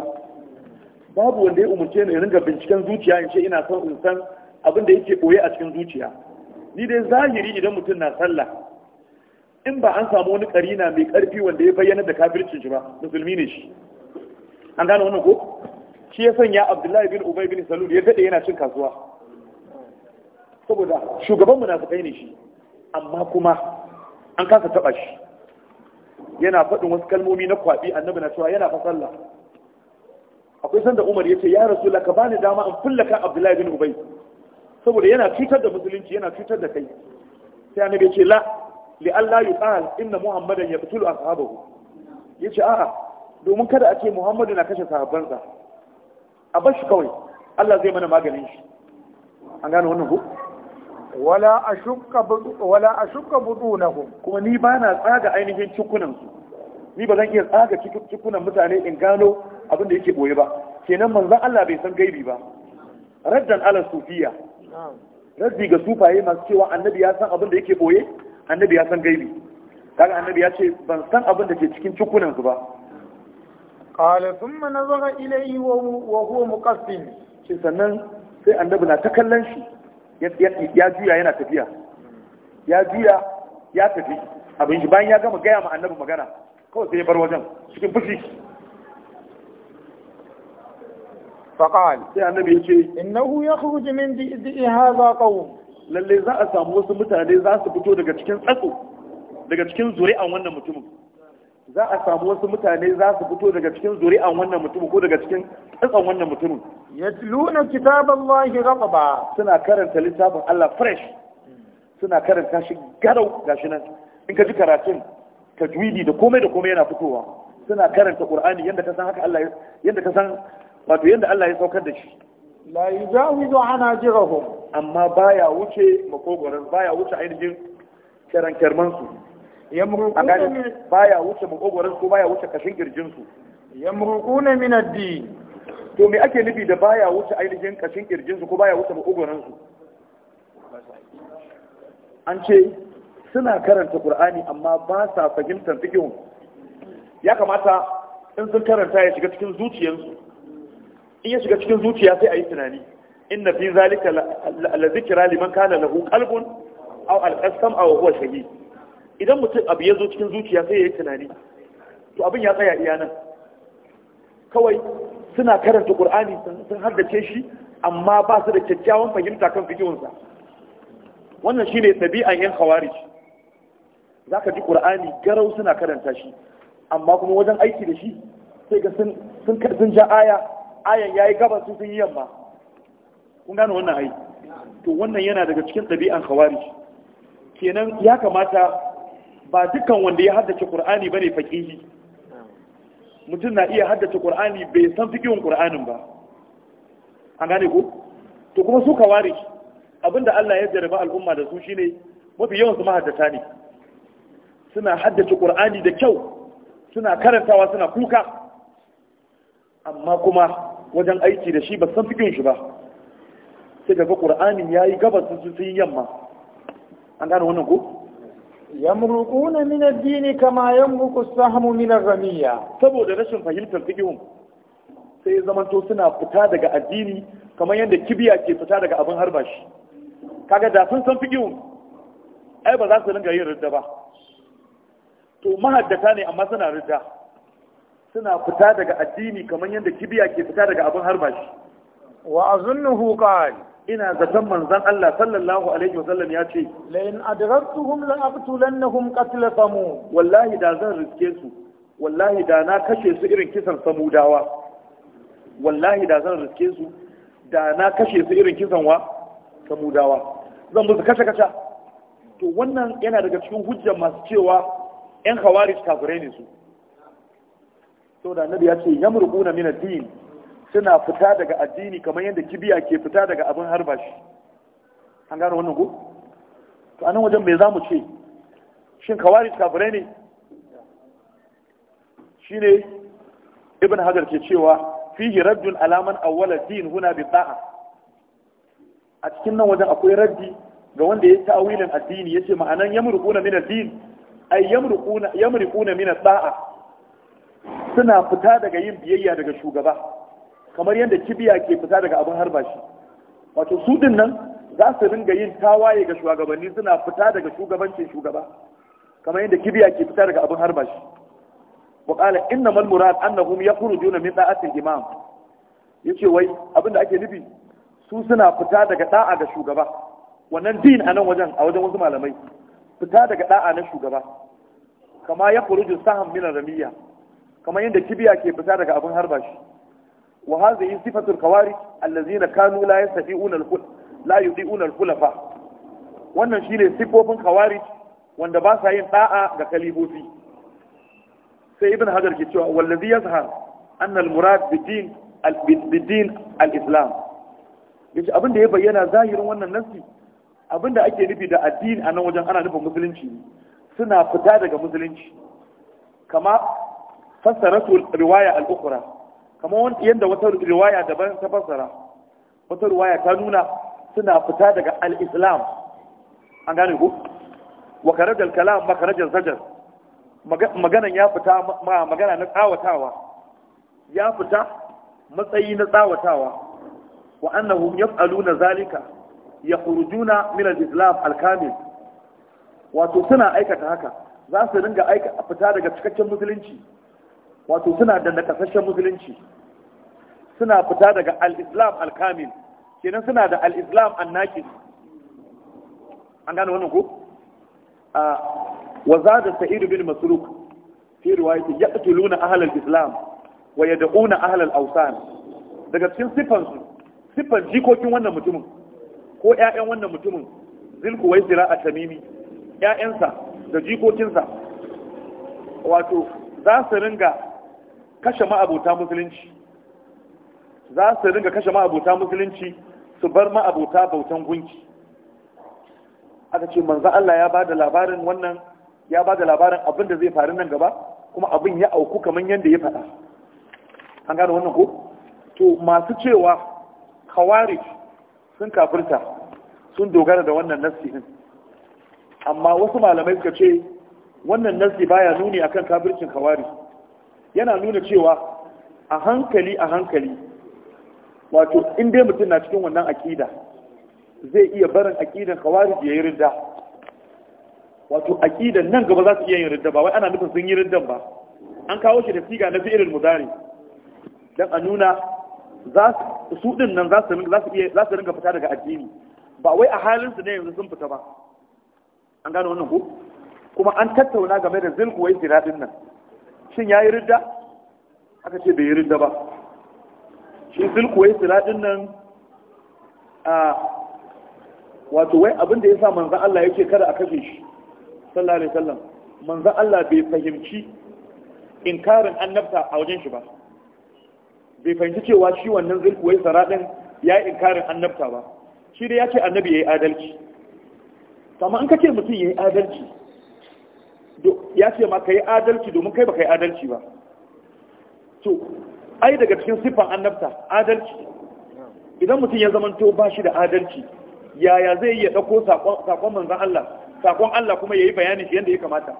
babu wanda ya umurce ni ya dinga binciken zuciya in ce ina son in san abin da yake boye a cikin zuciya ni dai zahiri idan mutum na sallah in ba an samu wani karina mai karfi wanda ya bayyana da kafircin shi ba musulmi ne shi an gane wannan ko shi ya sanya abdullahi bin ubay bin salul ya dade yana cin kasuwa saboda shugaban munafikai ne shi amma kuma an kasa taba shi yana faɗin wasu kalmomi na kwaɓi annabi na cewa yana fa sallah akwai sanda umar ya ce ya rasu ka bani dama in fullaka abdullahi bin ubay saboda yana cutar da musulunci yana cutar da kai sai annabi ce la li Allah yuqal inna muhammadan yaqtulu ashabahu yace a'a domin kada a ce muhammadu na kashe sahabbansa a bar shi kawai Allah zai mana maganin shi an gane wannan ku wala ashukka wala ashukka budunahu kuma ni ba na tsaga ainihin cikunan su ni ba zan iya tsaga cikunan mutane in gano abin da yake boye ba kenan manzon Allah bai san gaibi ba raddan ala sufiya raddi ga sufaye masu cewa annabi ya san abin da yake boye annabi ya san gaibi kaga annabi ya ce ban san abin da ke cikin cikunan su ba qala thumma nazara ilayhi wa huwa muqassim shi sannan sai annabi na ta kallon shi ya juya yana tafiya ya juya ya tafi abin shi bayan ya gama gaya ma annabi magana kawai sai ya bar wajen cikin fushi فقال يا النبي يجي إنه يخرج من دئ هذا قوم lalle za a samu wasu mutane za su fito daga cikin tsatso daga cikin zuri'an wannan mutumin za a samu wasu mutane za su fito daga cikin zuri'an wannan mutumin ko daga cikin tsatson wannan mutumin yatluna kitaballahi ghadaba suna karanta littafin Allah fresh suna karanta shi garau gashi in ka ji karatun tajwidi da komai da komai yana fitowa suna karanta qur'ani yanda ka san haka ka san wato yadda Allah ya saukar da shi la yujawizu anajirahum amma baya wuce makogoran baya wuce ainihin karankarman su yamruquna baya wuce makogoran su baya wuce kashin kirjin su yamruquna min ad-din to me ake nufi da baya wuce ainihin kashin kirjin su ko baya wuce makogoran su an ce suna karanta qur'ani amma ba sa fahimtar fiqh ya kamata in sun karanta ya shiga cikin zuciyarsu in ya shiga cikin zuciya sai a yi tunani inna fi zalika la zikra liman kana lahu qalbun aw al-qasam aw huwa shahid idan mutum abu ya zo cikin zuciya sai ya yi tunani to abin ya tsaya iya nan kawai suna karanta qur'ani sun haddace shi amma ba su da kyakkyawan fahimta kan fikihunsa wannan shine tabi'an yan khawarij zaka ji qur'ani garau suna karanta shi amma kuma wajen aiki da shi sai ga sun sun ja aya ayan yayi gaba su sun yi yamma kun gane wannan ai to wannan yana daga cikin ɗabi'an khawari kenan ya kamata ba dukkan wanda ya haddace qur'ani bane faqihi mutum na iya haddace qur'ani bai san fiqhin qur'anin ba an gane ko to kuma su khawari abinda Allah ya jarraba al'umma da su shine mafi yawan su mahaddata ne suna haddace qur'ani da kyau suna karantawa suna kuka amma kuma wajen aiki da shi ba san fikin shi ba sai ga ya yayi gabas sun sun yamma an gane wannan ko yamruquna min ad-din kama yamruqu as-sahmu min ar-ramiya saboda rashin fahimtar fikihun sai zamanto suna fita daga addini kamar yadda kibiya ke fita daga abin harba shi kaga da sun san fikihun ai ba za su ringa yin ridda ba to mahaddata ne amma suna ridda suna fita daga addini kamar yadda kibiya ke fita daga abin harba shi wa azunnuhu qali ina zaton manzon Allah sallallahu alaihi wasallam ya ce la in adrartuhum la aqtulannahum qatl samu wallahi da zan riske su wallahi da na kashe su irin kisan samudawa wallahi da zan riske su da na kashe su irin kisan wa samudawa zan musu kashe kasha to wannan yana daga cikin hujjar masu cewa yan khawarij kafirai ne su saboda annabi ya ce yamruquna min ad-din suna fita daga addini kamar yadda kibiya ke fita daga abin harba shi an gano wannan ko to anan wajen me zamu ce shin kawari kafirai ne shine ibn hajar ke cewa fihi raddun alaman awwala din huna bi ta'a a cikin nan wajen akwai raddi ga wanda ya ta'awilin addini yace ma'anan yamruquna min ad-din ay yamruquna yamruquna min at-ta'a suna fita daga yin biyayya daga shugaba kamar yadda kibiya ke fita daga abin harbashi, wato su din nan za su ringa yin tawaye ga shugabanni suna fita daga shugabancin shugaba kamar yadda kibiya ke fita daga abin harbashi wa qala innamal murad annahum yakhrujuna min da'atil imam yace wai abin da ake nufi su suna fita daga da'a ga shugaba wannan din a nan wajen a wajen wasu malamai fita daga da'a na shugaba kama ya furuju sahan min ramiya kamar yadda kibiya ke fita daga abin harba shi wa Sifatu Kawari, khawarij allazina kanu la yastati'una al-khul la yudi'una al-khulafa wannan shine sifofin khawarij wanda ba sa yin da'a ga kalibofi sai ibn hajar ke cewa wallazi yazhar anna al-murad bidin al-bidin al-islam yace abin da ya bayyana zahirin wannan nasi abin da ake nufi da addini a nan wajen ana nufin musulunci suna fita daga musulunci kama fassaratu riwaya al-ukhra kamar yadda wata riwaya daban ta fassara wata riwaya ta nuna suna fita daga al-islam an gane ku wa karajal kalam ma karajal zajar maganan ya fita ma magana na tsawatawa ya fita matsayi na tsawatawa wa annahum yaf'aluna zalika yakhrujuna min al-islam al-kamil wato suna aikata haka za su dinga fita daga cikakken musulunci wato suna da nakasashen musulunci suna fita daga al-islam al-kamil kenan suna da al-islam an-naqis an gane wannan ko a wa zada sa'id bin masruk fi riwayati yaqtuluna ahl al-islam wa yad'una ahl al-awsan daga cikin sifan su sifan jikokin wannan mutumin ko ƴaƴan wannan mutumin zilku wai zira a tamimi ƴaƴansa da jikokinsa wato za su ringa kashe ma'abota musulunci za su ringa kashe ma'abota musulunci su bar ma'abota bautan gunki aka ce manzo Allah ya bada labarin wannan ya bada labarin abin da zai faru nan gaba kuma abin ya auku kamar yadda ya faɗa an gano wannan ko to masu cewa khawarij sun kafirta sun dogara da wannan nassi din amma wasu malamai suka ce wannan nassi baya nuni akan kafircin khawarij yana nuna cewa a hankali a hankali wato in dai mutum na cikin wannan aƙida zai iya barin kawari da ya yi ridda wato akidan nan gaba za su iya yin ridda ba wai ana nufin sun yi riddan ba an kawo shi da siga na fi'ilul mudari don a nuna su din nan za su za ringa fita daga addini ba wai a halinsu ne yanzu sun fita ba an gano wannan ko kuma an tattauna game da zilku wai siradin nan shin ya yi ridda aka ce bai yi ridda ba shi wai siradin nan a wato wai abin da ya sa manzan Allah yake kada a kashe shi sallallahu alaihi sallam manzan Allah bai fahimci inkarin annabta a wajen shi ba bai fahimci cewa shi wannan wai saradin ya yi inkarin annabta ba shi dai ya ce annabi ya yi adalci Kama an ka ce mutum ya yi adalci ya ce ma ka yi adalci domin kai ba ka yi adalci ba to ai daga cikin siffan annabta adalci idan mutum ya zamanto ba shi da adalci yaya zai iya ɗauko saƙon manzan Allah saƙon Allah kuma ya yi bayani shi yadda ya kamata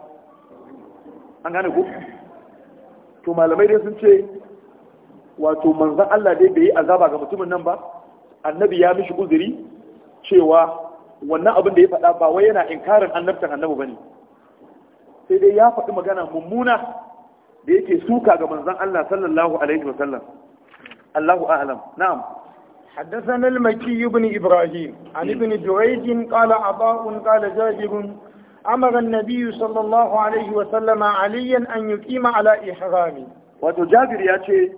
an gane ku? to malamai dai sun ce wato manzan Allah dai bai yi azaba ga mutumin nan ba annabi ya mishi uzuri cewa wannan abin da ya faɗa ba wai yana inkarin annabtan annabi ba ne sai dai ya faɗi magana mummuna da yake suka ga manzon Allah sallallahu alaihi wasallam Allahu a'lam na'am حدثنا المكي بن إبراهيم عن ابن جريج قال عطاء قال جابر أمر النبي صلى الله عليه وسلم عليا أن يقيم على إحرامه وتجابر يا شيء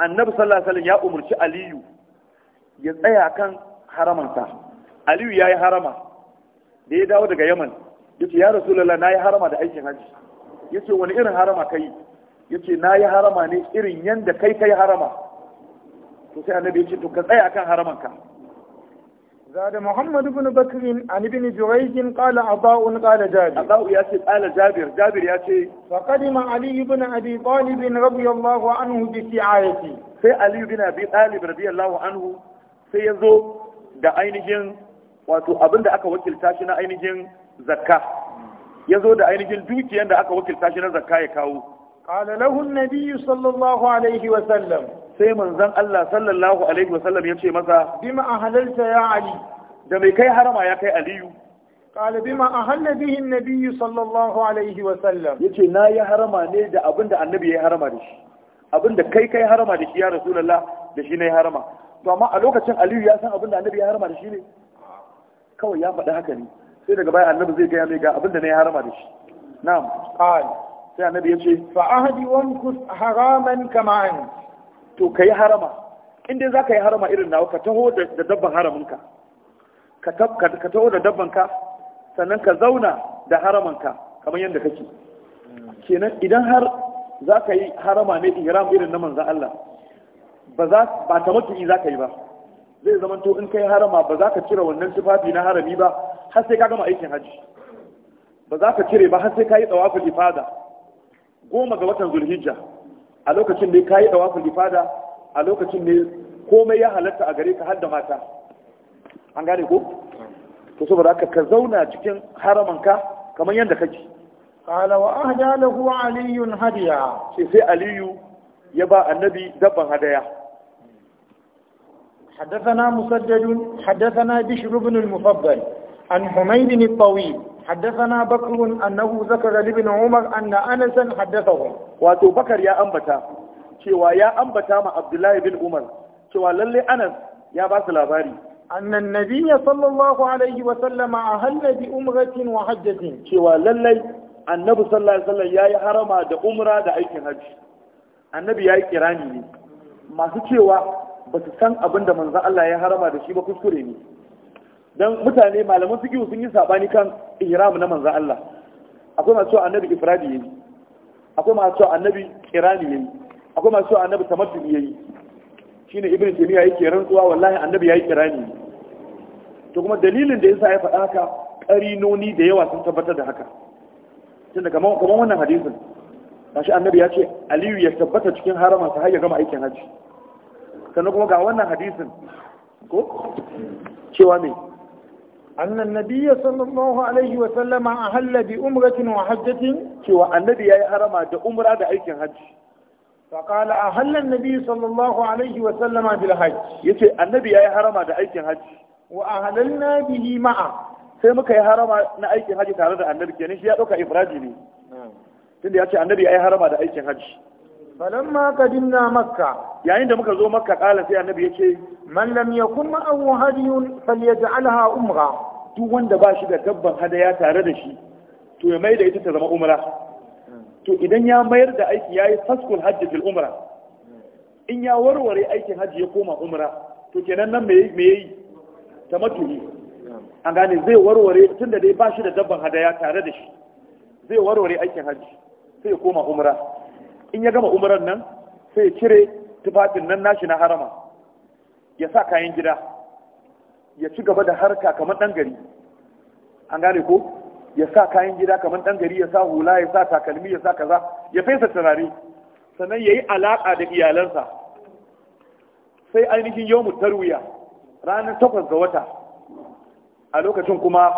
النبي صلى الله عليه وسلم يا أمر علي يتأيى كان حرما علي يا حرما da ya dawo daga yaman yace ya rasulullah nayi harama da aikin haji yace wani irin harama kai yace nayi harama ne irin yanda kai kai harama to sai annabi yace to ka tsaya akan haraman ka زاد محمد بن بكر عن ابن جريج قال عطاء قال جابر عطاء ياتي قال جابر جابر ياتي فقدم علي بن ابي طالب رضي الله عنه بسعايته في علي بن ابي طالب رضي الله عنه sai yazo da ainihin wato abinda aka wakilta shi na ainihin zakka ya zo da ainihin dukiyar da aka wakilta shi na zakka ya kawo qala lahu Nabiyu sallallahu alaihi wa sallam sai manzon Allah sallallahu alaihi wa sallam ya ce masa bima ahlalta ya ali da mai kai harama ya kai aliyu قال بما أهل Nabiyu sallallahu alaihi wa sallam. Ya ce na يا harama ne da da annabi ya harama da shi da kai kai harama da shi ya rasulullah da shi na ya harama to amma a lokacin aliyu ya san da annabi ya harama da shi ne kawai ya faɗi haka ne sai daga baya annabi zai gaya mai ga abinda na ya harama da shi na'am qal sai annabi ya ce fa ahdi wankus haraman kama an to kai harama in dai zaka yi harama irin nawa ka taho da dabban haraminka ka ka taho da dabban ka sannan ka zauna da ka kamar yadda kake kenan idan har zaka yi harama ne ihram irin na manzon Allah ba za ba za zaka yi ba zai zama to in kai harama ba za ka cire wannan tufafi na harami ba har sai ka gama aikin hajji ba za ka cire ba har sai ka yi tsawafin ifada goma ga watan zulhijja a lokacin ne ka yi tsawafin ifada a lokacin ne komai ya halatta a gare ka har da mata an gane ko to saboda haka ka zauna cikin haramanka kamar yadda kake qala wa ahda lahu aliyun hadiya sai sai aliyu ya ba annabi dabban hadaya حدثنا مسدد حدثنا بشر بن المفضل عن حميد الطويل حدثنا بكر أنه ذكر لابن عمر أن أنسا حدثه واتو بكر يا أنبتا cewa ya ambata ma Abdullahi bin Umar cewa lalle Anas ya ba su labari annan nabiyya sallallahu alaihi wa sallama ahalla bi umratin wa hajjatin cewa lalle annabi sallallahu alaihi wasallam yayi harama da umra da aikin hajji, annabi yayi kirani ne masu cewa ba su san abin da manzo Allah ya harama da shi ba kuskure ne dan mutane malaman fiqh sun yi sabani kan ihram na manzon Allah akwai masu cewa annabi ifradi yayi akwai masu cewa annabi kirani yayi akwai masu cewa annabi tamattu yayi shine ibn taymiya yake rantsuwa wallahi annabi yayi kirani to kuma dalilin da yasa ya faɗa haka karinoni da yawa sun tabbatar da haka tunda kamar kamar wannan hadisin gashi annabi ya ce aliyu ya tabbata cikin haramansa har ya gama aikin haji. sannan kuma ga wannan hadisin ko cewa ne. أن النبي صلى الله عليه وسلم أهل بأمرة وحجة شوى النبي يا حرم ده أمرة ده أيكن حج فقال أهل النبي صلى الله عليه وسلم بالحج يتي النبي يا حرم ده أيكن حج وأهللنا به معه sai muka yi harama na aikin haji tare da annabi kenan shi ya ɗauka ifradi ne tunda ya ce annabi ya yi harama da aikin haji maganin na maka. yayin da muka zo makka kala sai annabi yace man lam yakun ma'ahu hadiyun falyaj'alha umra duk wanda ba shi da dabban hadaya tare da shi to ya mai da ita ta zama umra to idan ya mayar da aiki yayi faskul hajji fil umra in ya warware aikin hajji ya koma umra to kenan nan me me yayi tamattu'i an gane zai warware tunda dai ba shi da dabban hadaya tare da shi zai warware aikin hajji sai koma umra in ya gama umaran nan sai ya cire tufafin nan nashi na harama ya sa kayan gida ya ci gaba da harka kamar ɗan gari an gane ko ya sa kayan gida kamar ɗan gari ya sa hula ya sa takalmi ya sa kaza ya fesa turare sannan ya yi alaƙa da iyalansa sai ainihin yau tarwiya ranar takwas ga wata a lokacin kuma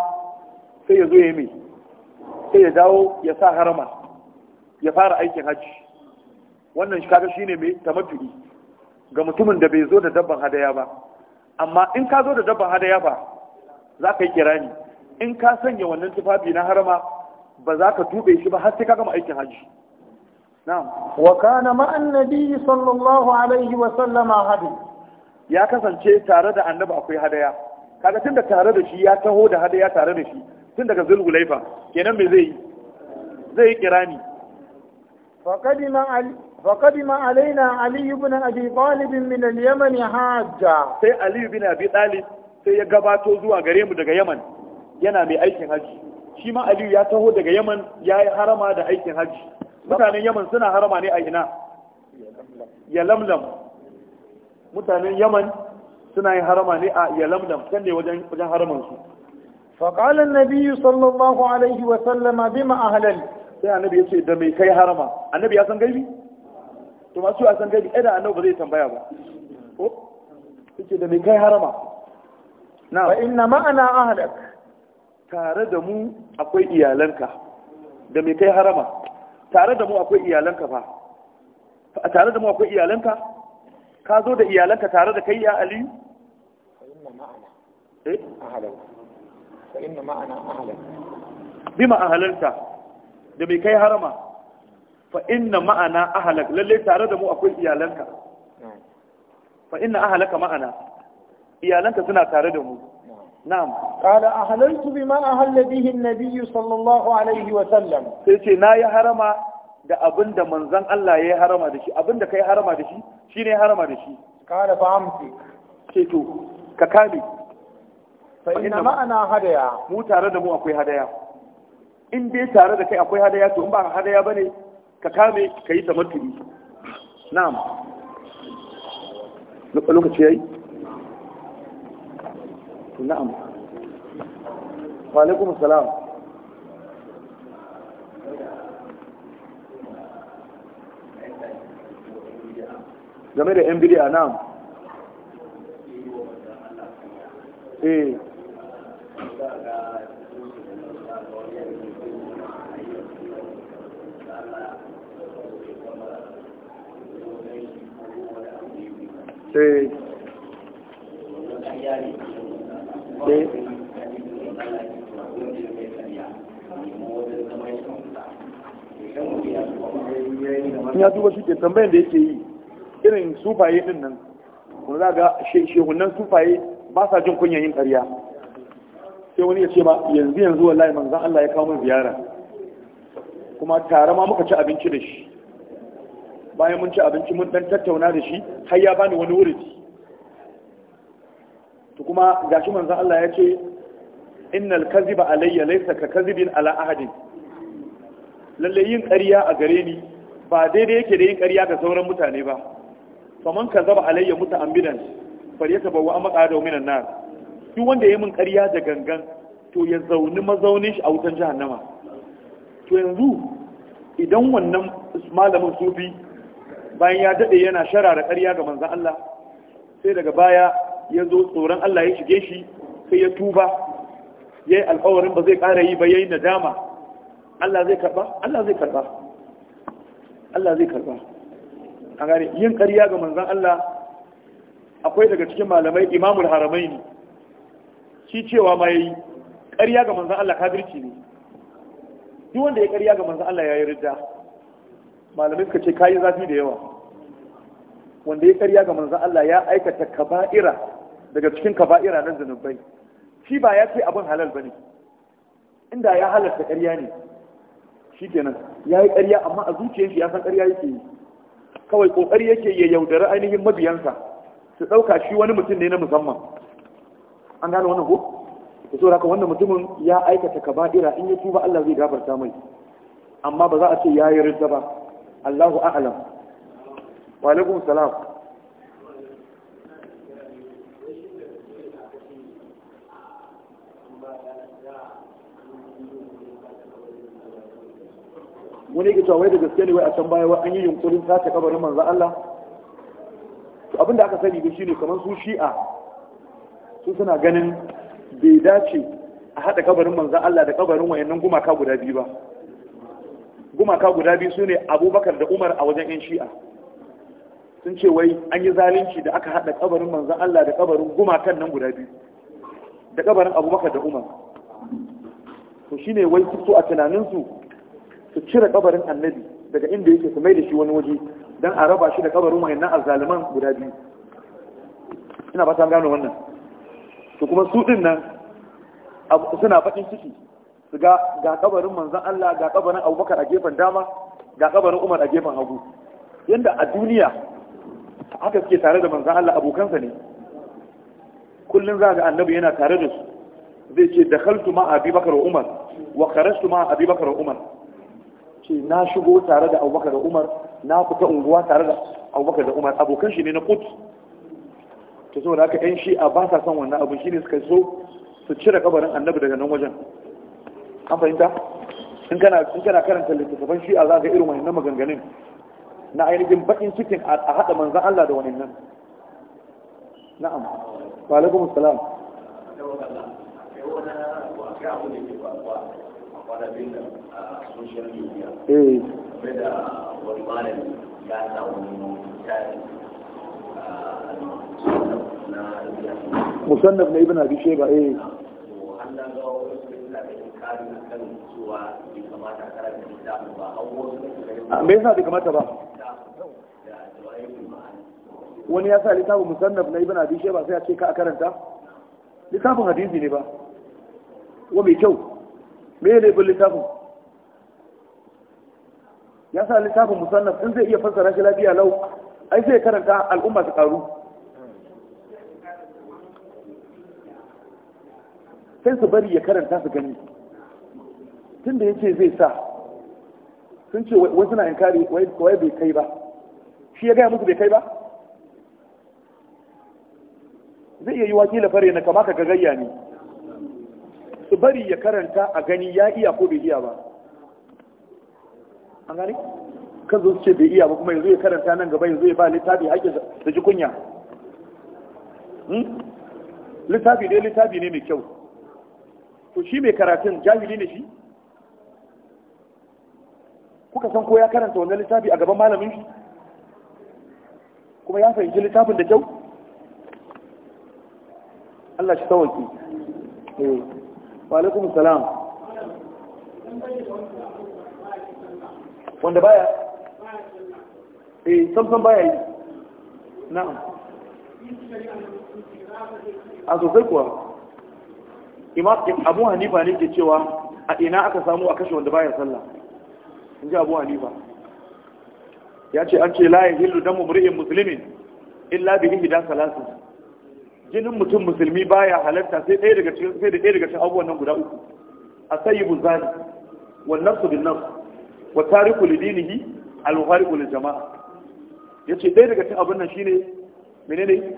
sai ya zo ya yi mai sai ya dawo ya sa harama ya fara aikin hajji wannan kaga shine mai tamattu'i ga mutumin da bai zo da dabban hadaya ba amma in ka zo da dabban hadaya ba za ka yi kirani in ka sanya wannan tufafi na harama ba za ka tube shi ba har sai ka gama aikin hajji na'am wa kana ma annabi sallallahu alaihi wa sallama hadi ya kasance tare da annabi akwai hadaya kaga tunda tare da shi ya taho da hadaya tare da shi tun daga zulhulaifa kenan me zai yi zai yi kirani فقدم علي فقدم علينا علي بن ابي طالب من اليمن حاجا سي علي بن ابي طالب sai ya gabato zuwa gare mu daga Yaman yana mai aikin haji shi ma Aliyu ya taho daga Yaman ya yi harama da aikin haji mutanen Yaman suna harama ne a ina ya lamlam mutanen Yaman suna yin harama ne a ya lamlam can ne wajen wajen haraman su فقال النبي صلى الله عليه وسلم بما أهلل sai annabi ya ce da mai kai harama annabi ya san gaibi to masu ya san gaibi ɗaya annabi ba zai tambaya ba ko suke da mai kai harama na ba inna ma'ana ahlak tare da mu akwai iyalanka da mai kai harama tare da mu akwai iyalanka fa tare da mu akwai iyalanka ka zo da iyalanka tare da kai ya aliyu eh ahalan fa inna ma'ana eh? ahalan bima ahalanka da mai kai harama fa inna ma'ana ahalak lalle tare da mu akwai iyalanka fa inna ahalaka ma'ana iyalanka suna tare da mu na'am qala ahlaltu bima ahalla bihi an-nabiy sallallahu alaihi wa sallam sai ce nayi harama da abinda manzon Allah yayi harama da shi abinda kai harama da shi shine harama da shi qala fa amti. ce to ka kame fa inna ma'ana hadaya mu tare da mu akwai hadaya in dai tare da kai akwai hadaya to in ba hadaya bane ka kame ka yi tamattuli na'am lokaci yayi na'am wa alaikum assalam game da yan bidiya na'am eh eh ya duba shi ke tambayin da yake yi irin sufaye din nan kuma za ga shehunan sufaye ba sa jin kunyan yin ƙarya sai wani ya ce ba yanzu yanzu wallahi manzan Allah ya kawo min ziyara kuma tare ma muka ci abinci da shi bayan mun ci abinci mun dan tattauna da shi har ya bani wani wuri to kuma gashi manzon Allah ya ce innal kadhiba alayya laysa ka kadhibin ala ahadin lalle yin ƙarya a gare ni ba daidai yake da yin ƙarya ga sauran mutane ba Fa man kadhaba alayya muta'ammidan falyatabawa maqada minan nar duk wanda yayin min ƙarya da gangan to ya zauni mazaunin shi a wutan jahannama to yanzu idan wannan malamin sufi bayan ya daɗe yana sharara ƙarya ga manzan Allah sai daga baya ya zo tsoron Allah ya shige shi sai ya tuba ya yi alƙawarin ba zai ƙara yi ba ya yi nadama Allah zai karɓa Allah zai karɓa Allah zai karɓa a gane yin ƙarya ga manzan Allah akwai daga cikin malamai imamul haramai ne shi cewa ma ya yi ƙarya ga manzan Allah kafirci ne duk wanda ya ƙarya ga manzan Allah ya yi ridda malamai suka ce kayi zafi da yawa wanda ya karya ga manzon Allah ya aikata kaba'ira daga cikin kaba'ira na zanubai shi ba ya ce abin halal bane inda ya halarta karya ne shi kenan. ya yi karya amma a zuciyar shi ya san karya yake yi kawai kokari yake ya yaudari ainihin mabiyansa su ɗauka shi wani mutum ne na musamman an gane wannan ko da so haka wannan mutumin ya aikata kaba'ira in ya tuba Allah zai gafarta mai amma ba za a ce ya yi ba Allahu a'lam wa alaikum salam wani ke cewa wai da gaske ne wai a can baya wa an yi yunkurin sace kabarin manzo Allah to abinda aka sani shi ne kamar su shi'a su suna ganin bai dace a haɗa kabarin manzo Allah da kabarin wayannan gumaka guda biyu ba gumaka guda biyu su ne abubakar da umar a wajen yan shi'a sun ce wai an yi zalunci da aka haɗa kabarin manzan Allah da kabarin gumakan nan guda biyu da kabarin abubakar da umar to ne wai su so a tunaninsu su cire kabarin annabi daga inda yake su mai da shi wani waje don a raba shi da kabarin wayannan azzaliman guda biyu ina ba ta gano wannan to kuma su ɗin nan suna faɗin ciki ga ga kabarin manzon Allah ga kabarin Abubakar a gefen dama ga kabarin Umar a gefen hagu yanda a duniya aka suke tare da manzon Allah abokansa ne kullun za annabi yana tare da su zai ce dakhaltu ma Abi Bakar wa Umar wa kharajtu ma Abi Bakar wa Umar ce na shigo tare da Abubakar da Umar na fita unguwa tare da Abubakar da Umar abokan shi ne na kut to saboda haka ƴan shi'a ba sa son wannan abu shine suka so su cire kabarin annabi daga nan wajen an fahimta in kana karanta littattafan shi'a za ga irin wannan maganganun na ainihin bakin cikin a haɗa manzan Allah da wannan na'am wa alaikum assalam eh wani malami ya sa wani musannaf na ibn abi shayba eh a ba ah, me yasa bai kamata ba wani ya sa littafin musannaf na ibn abi shayba sai a ce ka a karanta littafin hadisi ne ba wa mai kyau me ne bin littafin ya sa littafin musannaf in zai iya fassara shi lafiya lau ai sai karanta al'umma su karu sai su bari ya karanta su gani tun da yake zai sa sun ce wai suna kari wai bai kai ba shi ya gaya musu bai kai ba zai iya yi wakila fare na kama ka gagayya ne su bari ya karanta a gani ya iya ko bai iya ba an gani kan zo su ce bai iya ba kuma yanzu ya karanta nan gaba yanzu ya ba littafi haƙƙi da ji kunya hmm? littafi dai littafi ne mai kyau to shi mai karatun jahili ne shi kuka san ko ya karanta wannan littafi a gaban malamin shi kuma ya fahimci littafin da kyau Allah shi tawaki eh wa alaikum salam wanda baya eh sam baya yi na'am a sosai kuwa imam abu hanifa ne ke cewa a ina aka samu a kashe wanda baya sallah in ji abu hanifa ya ce an ce layin hillu don mumri'in musulmin illa bi ihda salasu jinin mutum musulmi baya halarta sai ɗaya daga cikin sai da ɗaya daga cikin abubuwan nan guda uku A asayibu zani wal nafsu bin nan? wa tariku li dinihi al jama'a ya ce ɗaya daga cikin abun nan shine menene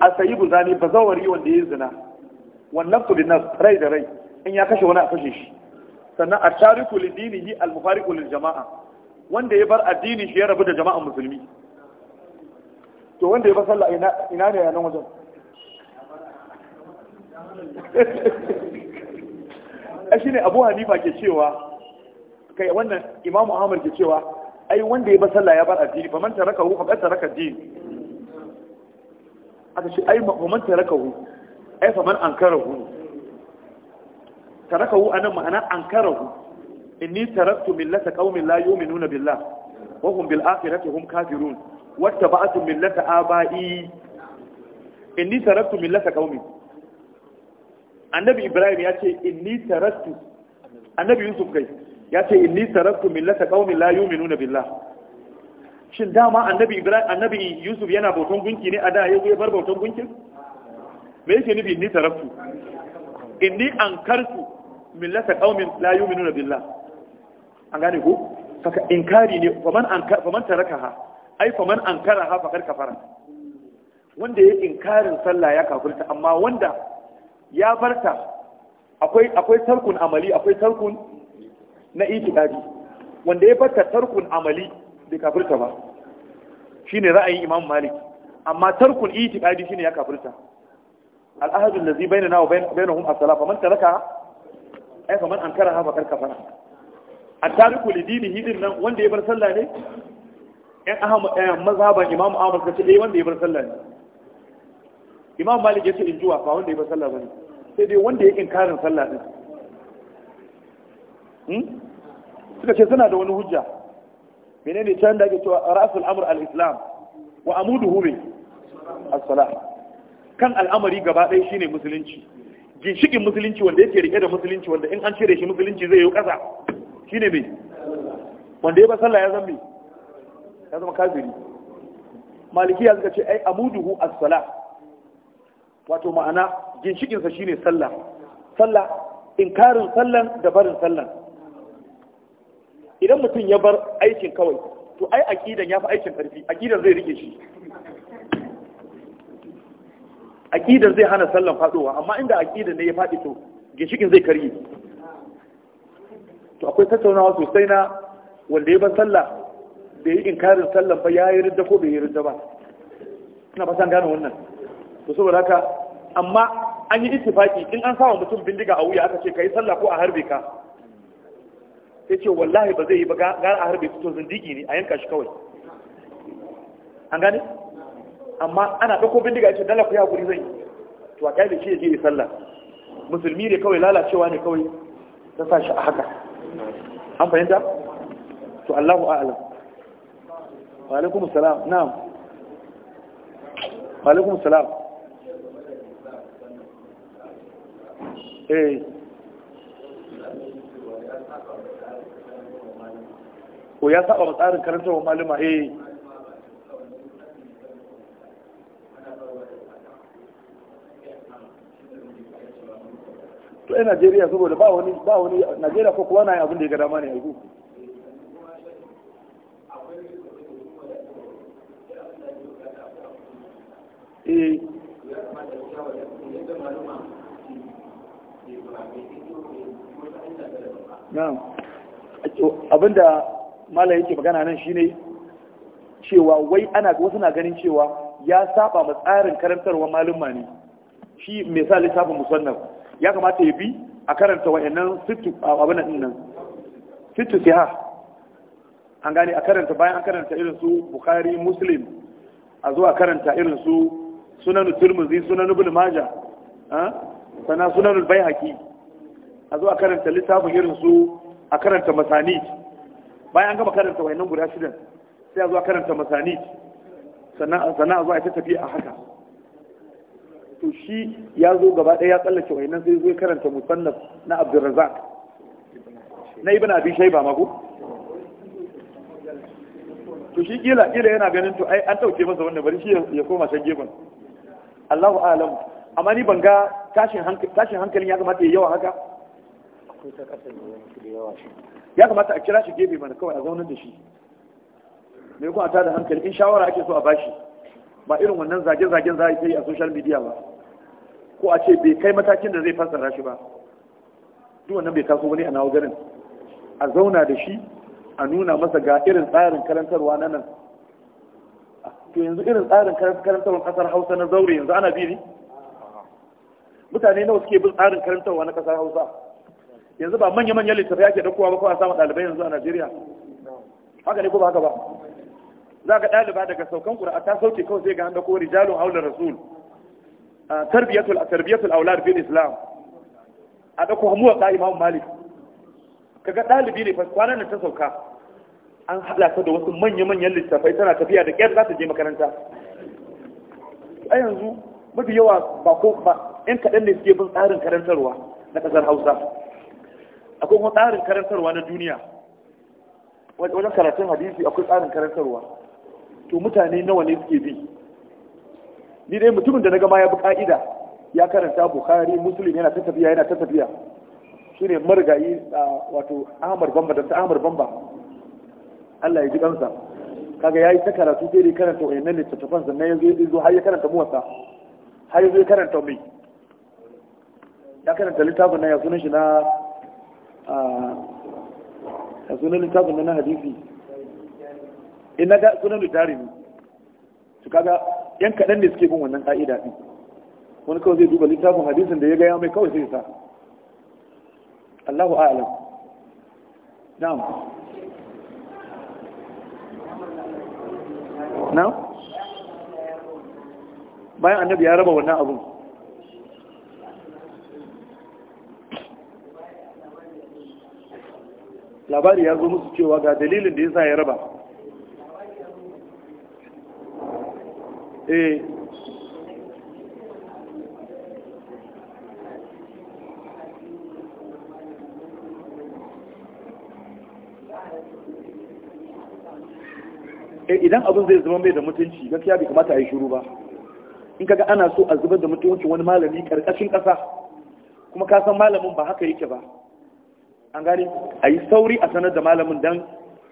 asayibu zani yi wanda yi zina wannan su bin nan? rai da rai in ya kashe wani a kashe shi sannan a tariku lidinihi al-mufariqu lil jama'a wanda ya bar addini shi ya rabu da jama'a musulmi to wanda ya bar sallah ina ina ne nan wajen a [laughs] ne Abu Hanifa ke cewa kai wannan Imamu Ahmad ke cewa ai wanda ya bar sallah ya bar addini fa man taraka hu faqad taraka ad-din aka shi ai man taraka hu ai fa man ankara hu tarakahu anan ma'ana ankarahu inni taraktu millata qaumin la yu'minuna billah wa hum bil akhirati hum kafirun wattaba'tu millata aba'i inni taraktu millata qaumin annabi ibrahim ya ce inni taraktu annabi yusuf kai ya ce inni taraktu millata qaumin la yu'minuna billah shin dama annabi ibrahim annabi yusuf yana bautan gunki ne a da ya bar bautan gunkin me yake nufi inni taraktu inni ankartu millata qaumin la yu'minuna billah an gane ko Faka inkari ne faman ankara faman ha ai faman ha faqad kafara wanda ya inkarin sallah ya kafirta amma wanda ya barta akwai akwai tarkun amali akwai tarkun na itikadi wanda ya barta tarkun amali bai kafirta ba shine ra'ayin imam malik amma tarkun itikadi shine ya kafirta al-ahadu allazi bainana wa bainahum as salafa man taraka ai kamar an kara hafa karka fara a tariku lidini hidin nan wanda ya bar sallah ne yan ahmad ɗayan eh, mazhaban imamu ahmad ka ce ɗaya eh, wanda ya bar sallah ne imam malik ya ce in juwa ba wanda ya bar sallah bane sai dai wanda ya inkarin sallah din hmm? suka ce suna da wani hujja menene can da ake cewa ra'sul amr al-islam wa amuduhu bi as-salah kan al'amari gaba ɗaya shine musulunci ginshikin musulunci wanda yake rike da musulunci wanda in an cire shi musulunci zai yi ƙasa shi ne mai wanda ya ba sallah ya zambi ya zama kafiri malikiya suka ce ai amuduhu as-sala wato ma'ana ginshikin sa shine sallah sallah inkarin sallan da barin sallan idan mutum ya bar aikin kawai to ai aqidan ya fi aikin karfi aqidan zai rike shi aqidar zai hana sallan faduwa amma inda aƙidar ne ya fadi to gishikin zai karye to akwai tattaunawa sosai na wanda ya ban sallah da yi inkarin sallan ba ya yi ridda ko bai yi ridda ba ina fatan gane wannan to saboda haka amma an yi ittifaki in an sawa mutum bindiga a wuya aka ce kai sallah ko a harbe ka sai ce wallahi ba zai yi ba gara a harbe to zindigi ne a yanka shi kawai an gane amma ana ɗauko bindiga ya ce dala ku ya guri zai to a kai da shi ya je ya sallah musulmi ne kawai lalacewa ne kawai ta sa shi a haka an fahimta to Allahu a'lam wa alaikum salam na'am wa alaikum salam eh ko ya saba tsarin karantarwa maluma eh su najeriya saboda ba wani ba wani najeriya ko kuwa na yi abin da ya ga dama ne a yi eh. abin da abinda malam yake magana nan shine cewa wai ana wasu na ganin cewa ya saba ma tsarin karantarwa malumma ne shi mai sa littafin musannaf ya kamata ya bi a karanta wa'annan fitu abin nan nan sittu siha an gane a karanta bayan an karanta irin su bukhari muslim a zuwa karanta irin su sunan turmuzi sunan ibn maja sana sunan baihaqi a zuwa karanta littafin irin su a karanta masani bayan an gama karanta wa'annan guda shidan sai a zuwa karanta masani sana a zuwa ita tafi a haka to shi ya zo gaba ɗaya ya tsallake wayannan sai zai karanta musannaf na abdurrazak na ibn abi shayba ma ko to shi kila kila yana ganin to ai an dauke masa wannan bari shi ya koma shan gefen Allahu a'lam amma ni ban ga tashin hankalin ya kamata ya yawa haka ya kamata a kira shi gefe mana kawai a zaunar da shi mai kuma ta da hankali in shawara ake so a bashi ba irin wannan zage-zagen za a yi a social media ba ko a ce bai kai matakin da zai fassara shi ba duk wannan bai kaso wani a nawa garin a zauna da shi a nuna masa ga irin tsarin karantarwa na nan to yanzu irin tsarin karantarwa kasar hausa na zaure yanzu ana bi ne mutane nawa suke bin tsarin karantarwa na kasar hausa yanzu ba manya-manyan littattafai ake dakowa ba kawai samu dalibai yanzu a najeriya haka ne ko ba haka ba za ka ɗaliba daga saukan ƙura ta sauke kawai sai ga an dako rijalun haular rasul tarbiyatul tarbiyatul aulad islam a dauko hamuwa ka malik kaga ɗalibi ne kwanan ta sauka an hada ta da wasu manya-manyan littafai tana tafiya da ƙyar za ta je makaranta a yanzu mafi yawa ba ko ba in kaɗan ne suke bin tsarin karantarwa na ƙasar hausa akwai kuma tsarin karantarwa na duniya wajen karatun hadisi akwai tsarin karantarwa to mutane nawa ne suke bi ni dai mutumin da na gama ya bi ka'ida ya karanta bukhari muslim yana ta tafiya yana ta tafiya shine marigayi wato ahmar bamba da ta ahmar bamba Allah ya ji kansa kaga yi ta karatu sai dai karanta wayannan littattafan sannan yanzu ya zo har ya karanta muwasa har zo ya karanta mai ya karanta littafin nan ya sunan shi na a sunan littafin nan na hadisi in na ga sunan littafin su kaga yan kaɗan ne suke bin wannan ƙa'ida ɗin wani kawai zai duba littafin hadisin da ya gaya mai kawai sai sa Allahu a'lam na'am na'am bayan annabi ya raba wannan abun labari ya zo musu cewa ga dalilin da ya sa ya raba Eh. eh idan abin zai zama mai da mutunci gaskiya bai kamata a yi shuru ba in kaga ana so a zubar da mutuncin wani malami karkashin ƙasa kuma ka san malamin ba haka yake ba an gane a yi sauri a sanar da malamin don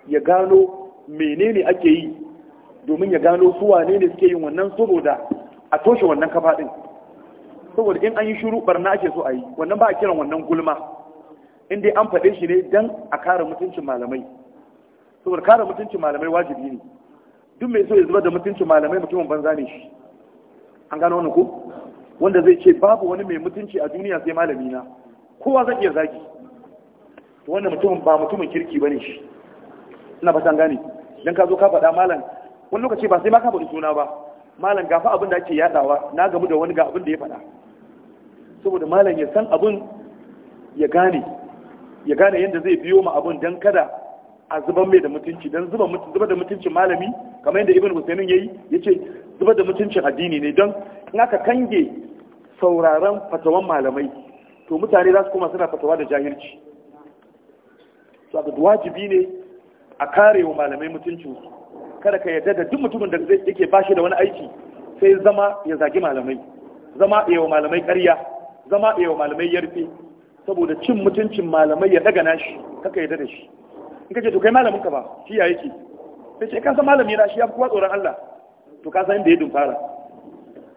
ya gano menene ake yi domin ya gano suwa ne ne suke yin wannan saboda a toshe wannan kafa din saboda in an yi shuru barna ake so a yi wannan ba a kiran wannan gulma in dai an faɗe shi ne dan a kare mutuncin malamai saboda kare mutuncin malamai wajibi ne duk mai so ya zuba da mutuncin malamai mutumin banza ne shi an gano wani ko wanda zai ce babu wani mai mutunci a duniya sai malami na kowa zai iya zagi wannan mutumin ba mutumin kirki bane shi ina fatan gane dan ka zo ka faɗa malam wani lokaci ba sai ma kafa suna ba malam gafa abin da ake yadawa na gamu da wani ga abin da ya faɗa saboda malam ya san abin ya gane ya gane yadda zai biyo ma abin don kada a zuban mai da mutunci don zuba da mutuncin malami kamar yadda ibn yi yayi yace zuba da mutuncin addini ne don in aka kange sauraron fatawan malamai to mutane za su koma suna fatawa da jahilci to wajibi ne a kare wa malamai mutuncinsu kada ka yarda da duk mutumin da zai yake bashi da wani aiki sai zama ya zagi malamai zama ya wa malamai ƙarya zama ya wa malamai yarfe saboda cin mutuncin malamai ya daga nashi kaka yarda da shi in kace to kai malamin ka ba shi ya yake sai ce eh, kan san malami na shi ya kuwa tsoron Allah to ka san inda ya dumfara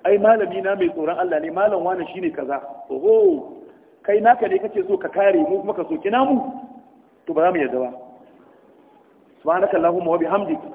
ai malami na mai tsoron Allah ne malam wani shine kaza oho kai naka ne kake so ka kare mu kuma ka soki namu to ba za mu yarda ba subhanakallahumma wa bihamdika